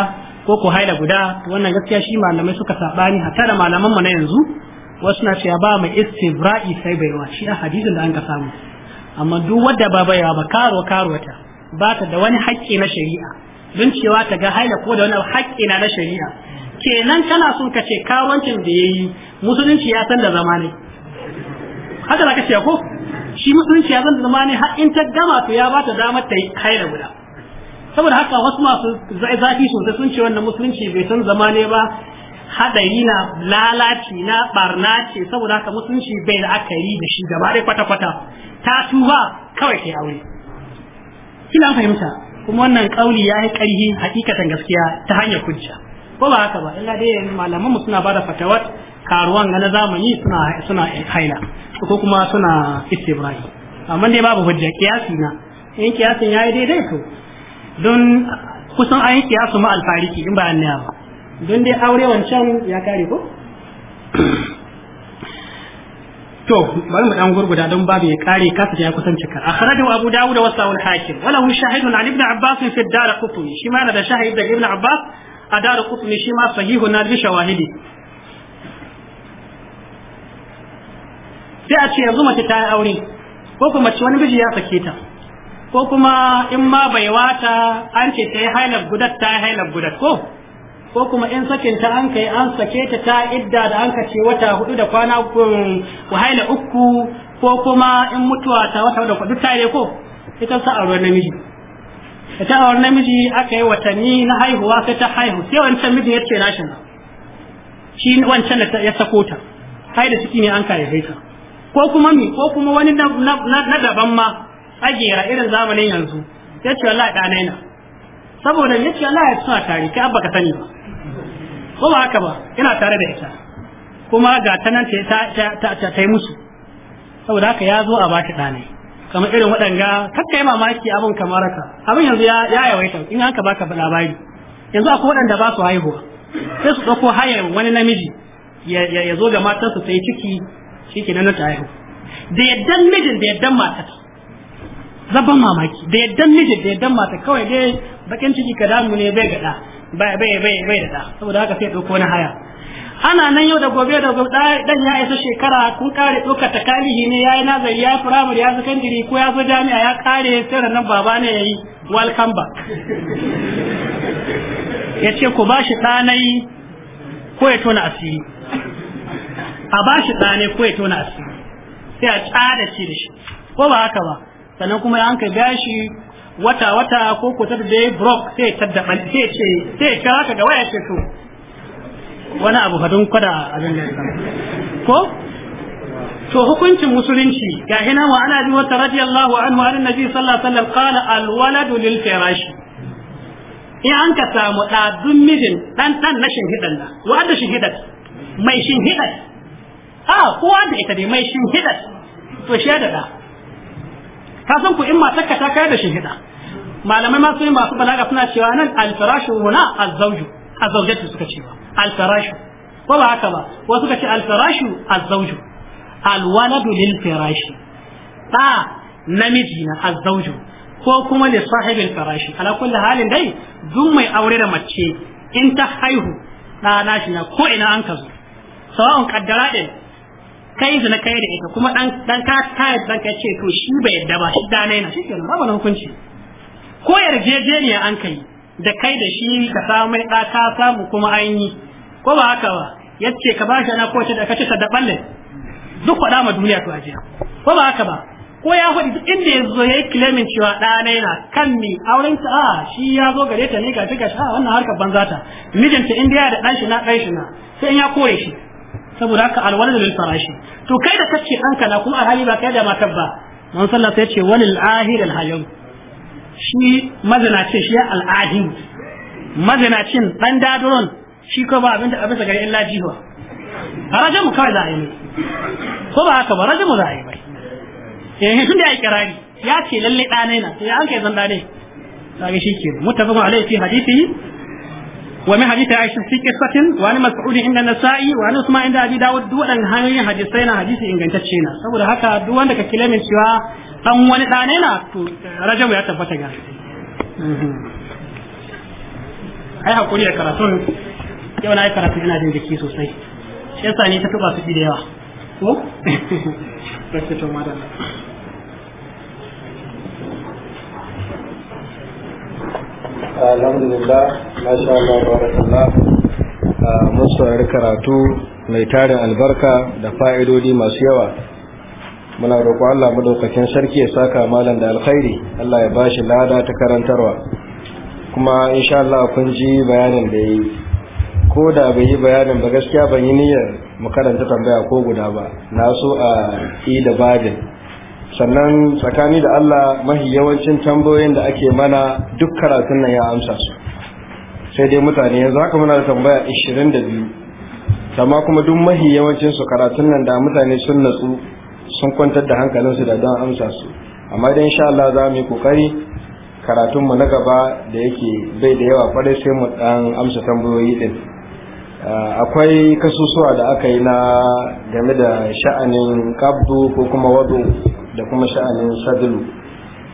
ko ko haila guda wannan gaskiya shi malamai suka sabani hatta da malaman mu na yanzu wasu na cewa ba mai istibra'i sai bai baiwa shi na hadisin da an ka samu amma duk wadda ba bai ba karo karo ta ba ta da wani haƙƙi na shari'a don cewa ta ga haila ko da wani haƙƙi na shari'a kenan kana son ka ce kawancin da ya yi musulunci ya san da zama ne haka za ka ce ko shi musulunci ya san da zama ne har in ta gama to ya ba ta damar ta yi haila guda saboda haka wasu masu zafi sosai sun ce wannan musulunci bai san zama ne ba hadari na lalaci na barna ce saboda haka mutunci bai da aka yi da shi gaba dai kwata-kwata ta tuba kawai ke aure kina fahimta kuma wannan kauli ya yi karhi hakikatan gaskiya ta hanyar hujja ko ba haka ba illa dai malaman suna ba da fatawar karuwan na zamani suna suna haila ko kuma suna istibrahi amma dai babu hujja kiyasi na in kiyasin yayi daidai to don kusan an yi ma alfariki in ba annaya ba don dai aure wancan ya kare ko to bari mu dan gurguda don babu ya kare kasa da ya kusan cika akhrajahu abu dawud wa sahih hakim wala hu shahidun an ibn abbas fi dar qutni shi ma na da shahid da ibn abbas a dar qutni shi ma sahihu na da shawahidi sai a ce yanzu mace ta yi aure ko kuma mace wani miji ya sake ta ko kuma in ma bai wata an ce ta yi hailar gudat ta yi hailar gudat ko ko kuma in sakin ta an kai an sake ta ta idda da an kace wata hudu da kwana ku haila uku ko kuma in mutuwa ta wata da kudu tare ko ita sa aure namiji ita aure namiji aka yi watanni na haihuwa sai ta haihu sai wancan mijin yace na shi wancan da ya sako ta haila suke ne an kai ta ko kuma mi ko kuma wani na daban ma agera irin zamanin yanzu yace wallahi ɗanai na saboda yace Allah ya tsara tare kai abba ka sani ba ko ba haka ba ina tare da ita kuma ga ta nan ta yi musu saboda haka ya zo a ba ta ɗanai kamar irin waɗanga kakka yi mamaki abin kamar haka abin yanzu ya yawaita in haka baka labari yanzu akwai waɗanda ba su haihuwa sai su ɗauko hayar wani namiji ya zo ga matarsa ta yi ciki shi ke nan ta haihu da yaddan mijin da yaddan matar zaban mamaki da yaddan mijin da yaddan matar kawai dai bakin ciki ka damu ne bai gaɗa bai bai bai da da saboda haka sai ɗauko na haya ana nan yau da gobe da gobe dan ya isa shekara kun kare ta kalihi ne yayi nazari ya firamare ya diri ko ya zo jami'a ya kare sai nan baba ne yayi welcome back ya ce ku ba shi tsanai ko ya tona asiri a ba shi ɗanai ko ya tona asiri sai a tsada shi da shi ko ba haka ba sannan kuma ya hanka biya wata wata ko ko ta da brok sai ta da ban sai ce sai kira haka ga waya ce to wani abu fadin kwada a gangan ko to hukuncin musulunci ga hina wa ana bi wata radiyallahu anhu an nabi sallallahu alaihi wasallam qala al waladu lil firash in an ka samu da dun mijin dan dan na shinhidan da wanda shinhidan mai shinhidan a ah, kowa da ita dai mai shinhidan to shi da da ka san ku in matar ka ta kai da shingida malamai ma su masu balaga suna cewa nan alfarashu huna azzauju azzaujatu suka ba alfarashu ko ba haka ba wasu suka ce alfarashu azzauju alwaladu lil firashi da namiji na azzauju ko kuma li sahibil firashi ala kulli halin dai duk mai aure da mace in ta haihu da na shi na ko ina an zo sawa'un kaddara din kai na kai da ita kuma dan dan ka kai dan ka ce to shi bai yadda ba shi dane na shi kenan babu hukunci ko yarjejeniya an kai da kai da shi ka samu mai da ka samu kuma an yi ko ba haka ba yace ka bashi na kowace da da kace da balle duk fada ma duniya to ajiya ko ba haka ba ko ya faɗi duk inda ya zo ya yi claiming cewa ɗana yana kan mi auren ta a ah, shi ya zo gare ta ne ga shi ga a wannan harkar banza ta mijinta inda ya da ɗan shi na ɗan shi na sai in ya kore shi saboda haka alwalad lil farashi to kai da kace ɗanka na kuma alhali ba kai da matar ba man sallah sai ce walil ahir al hayy shi mazinacin shi al ahir mazinacin dan daduron shi ko ba abin da abin da gari illa jiwa mu kawai za a yi ko ba haka ba rajamu za a yi ba eh tun da ya kirari ya ce lalle ɗanai na sai an kai zan ɗanai kage shi ke mutafaqun alaihi fi hadisi wa min hadith Aisha fi qissatin wa ni mas'ud inna nasa'i wa ni Uthman inda Abi Dawud du wadan hanyoyin hadisi na hadisi ingantacce na saboda haka duk wanda ka kilame cewa dan wani dan ne na to ya tabbata ga ai hakuri ya karatu ya wani ai karatu ina jin jiki sosai sai ni ta tuba su alhamdulillah masha Allah uh, saurari karatu mai tarin albarka da fa'idodi masu yawa muna roƙo Allah madaukakin sarki ya saka malam da alkhairi Allah ya bashi lada ta karantarwa kuma insha Allah kun ji bayanin da yi ko da bai yi bayanin ba gaskiya ban yi niyyar mu karanta tambaya ko guda ba na so a yi da babin sannan tsakani da Allah mahi yawancin tambayoyin da ake mana duk karatun nan ya amsa su sai dai mutane yanzu haka muna da tambaya 22 sama kuma duk mahi yawancin su karatun nan da mutane sun natsu sun kwantar da hankalinsu da don amsa su amma dai insha Allah za mu yi kokari karatun mu na gaba da yake bai da yawa kwarai sai mu dan amsa tambayoyi din ah, akwai kasusuwa da aka yi na game da sha'anin kabdu ko kuma wadu da kuma sha'anin sadulu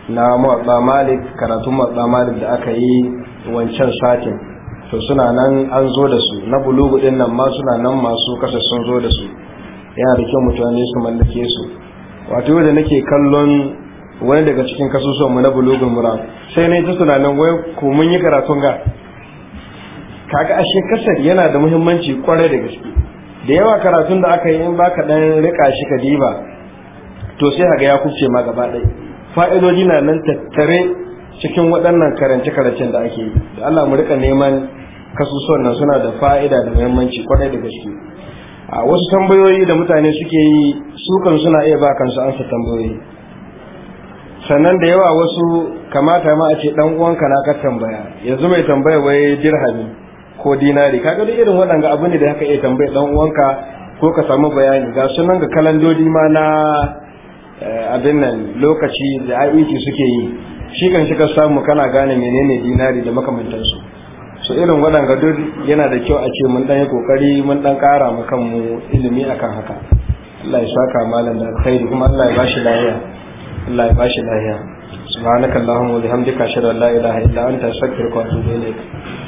na muwaɓa malik karatun muwaɓa malik da aka yi wancan satin to suna nan an zo da su na bulugu ɗin nan ma suna nan masu kasa sun zo da su yana da kyau mutane su mallake su wato da nake kallon wani daga cikin kasusuwan mu na bulugun mura sai na ta tunanin wai ko mun yi karatun ga kaga ashe kasar yana da muhimmanci kwarai da gaske da yawa karatun da aka yi in baka dan rika shi ka diba to sai haga ya kufce ma gaba ɗaya fa'idoji na nan tattare cikin waɗannan karance karancen da ake yi da Allah mu rika neman kasusuwan nan suna da fa'ida da muhimmanci kwarai da gaske a wasu tambayoyi da mutane suke yi sukan suna iya ba kansu ansa tambayoyi sannan da yawa wasu kamata ma a ce dan uwanka na ka tambaya yanzu mai tambaya wai dirhami ko dinari kaga duk irin waɗanga abu ne da haka iya tambaya dan uwanka ko ka samu bayani ga sunan ga kalandodi ma na Eh, abin nan lokaci da aiki suke yi shi kan shi samu kana gane menene dinari da makamantansu su irin waɗanga duk yana da kyau a ce mun ɗan yi ƙoƙari mun ɗan ƙara mu kanmu ilimi akan haka Allah ya saka malam da da kuma Allah ya bashi lahiya Allah ya bashi lahiya subhanakallahumma wa bihamdika ashhadu an la ilaha illa anta astaghfiruka wa atubu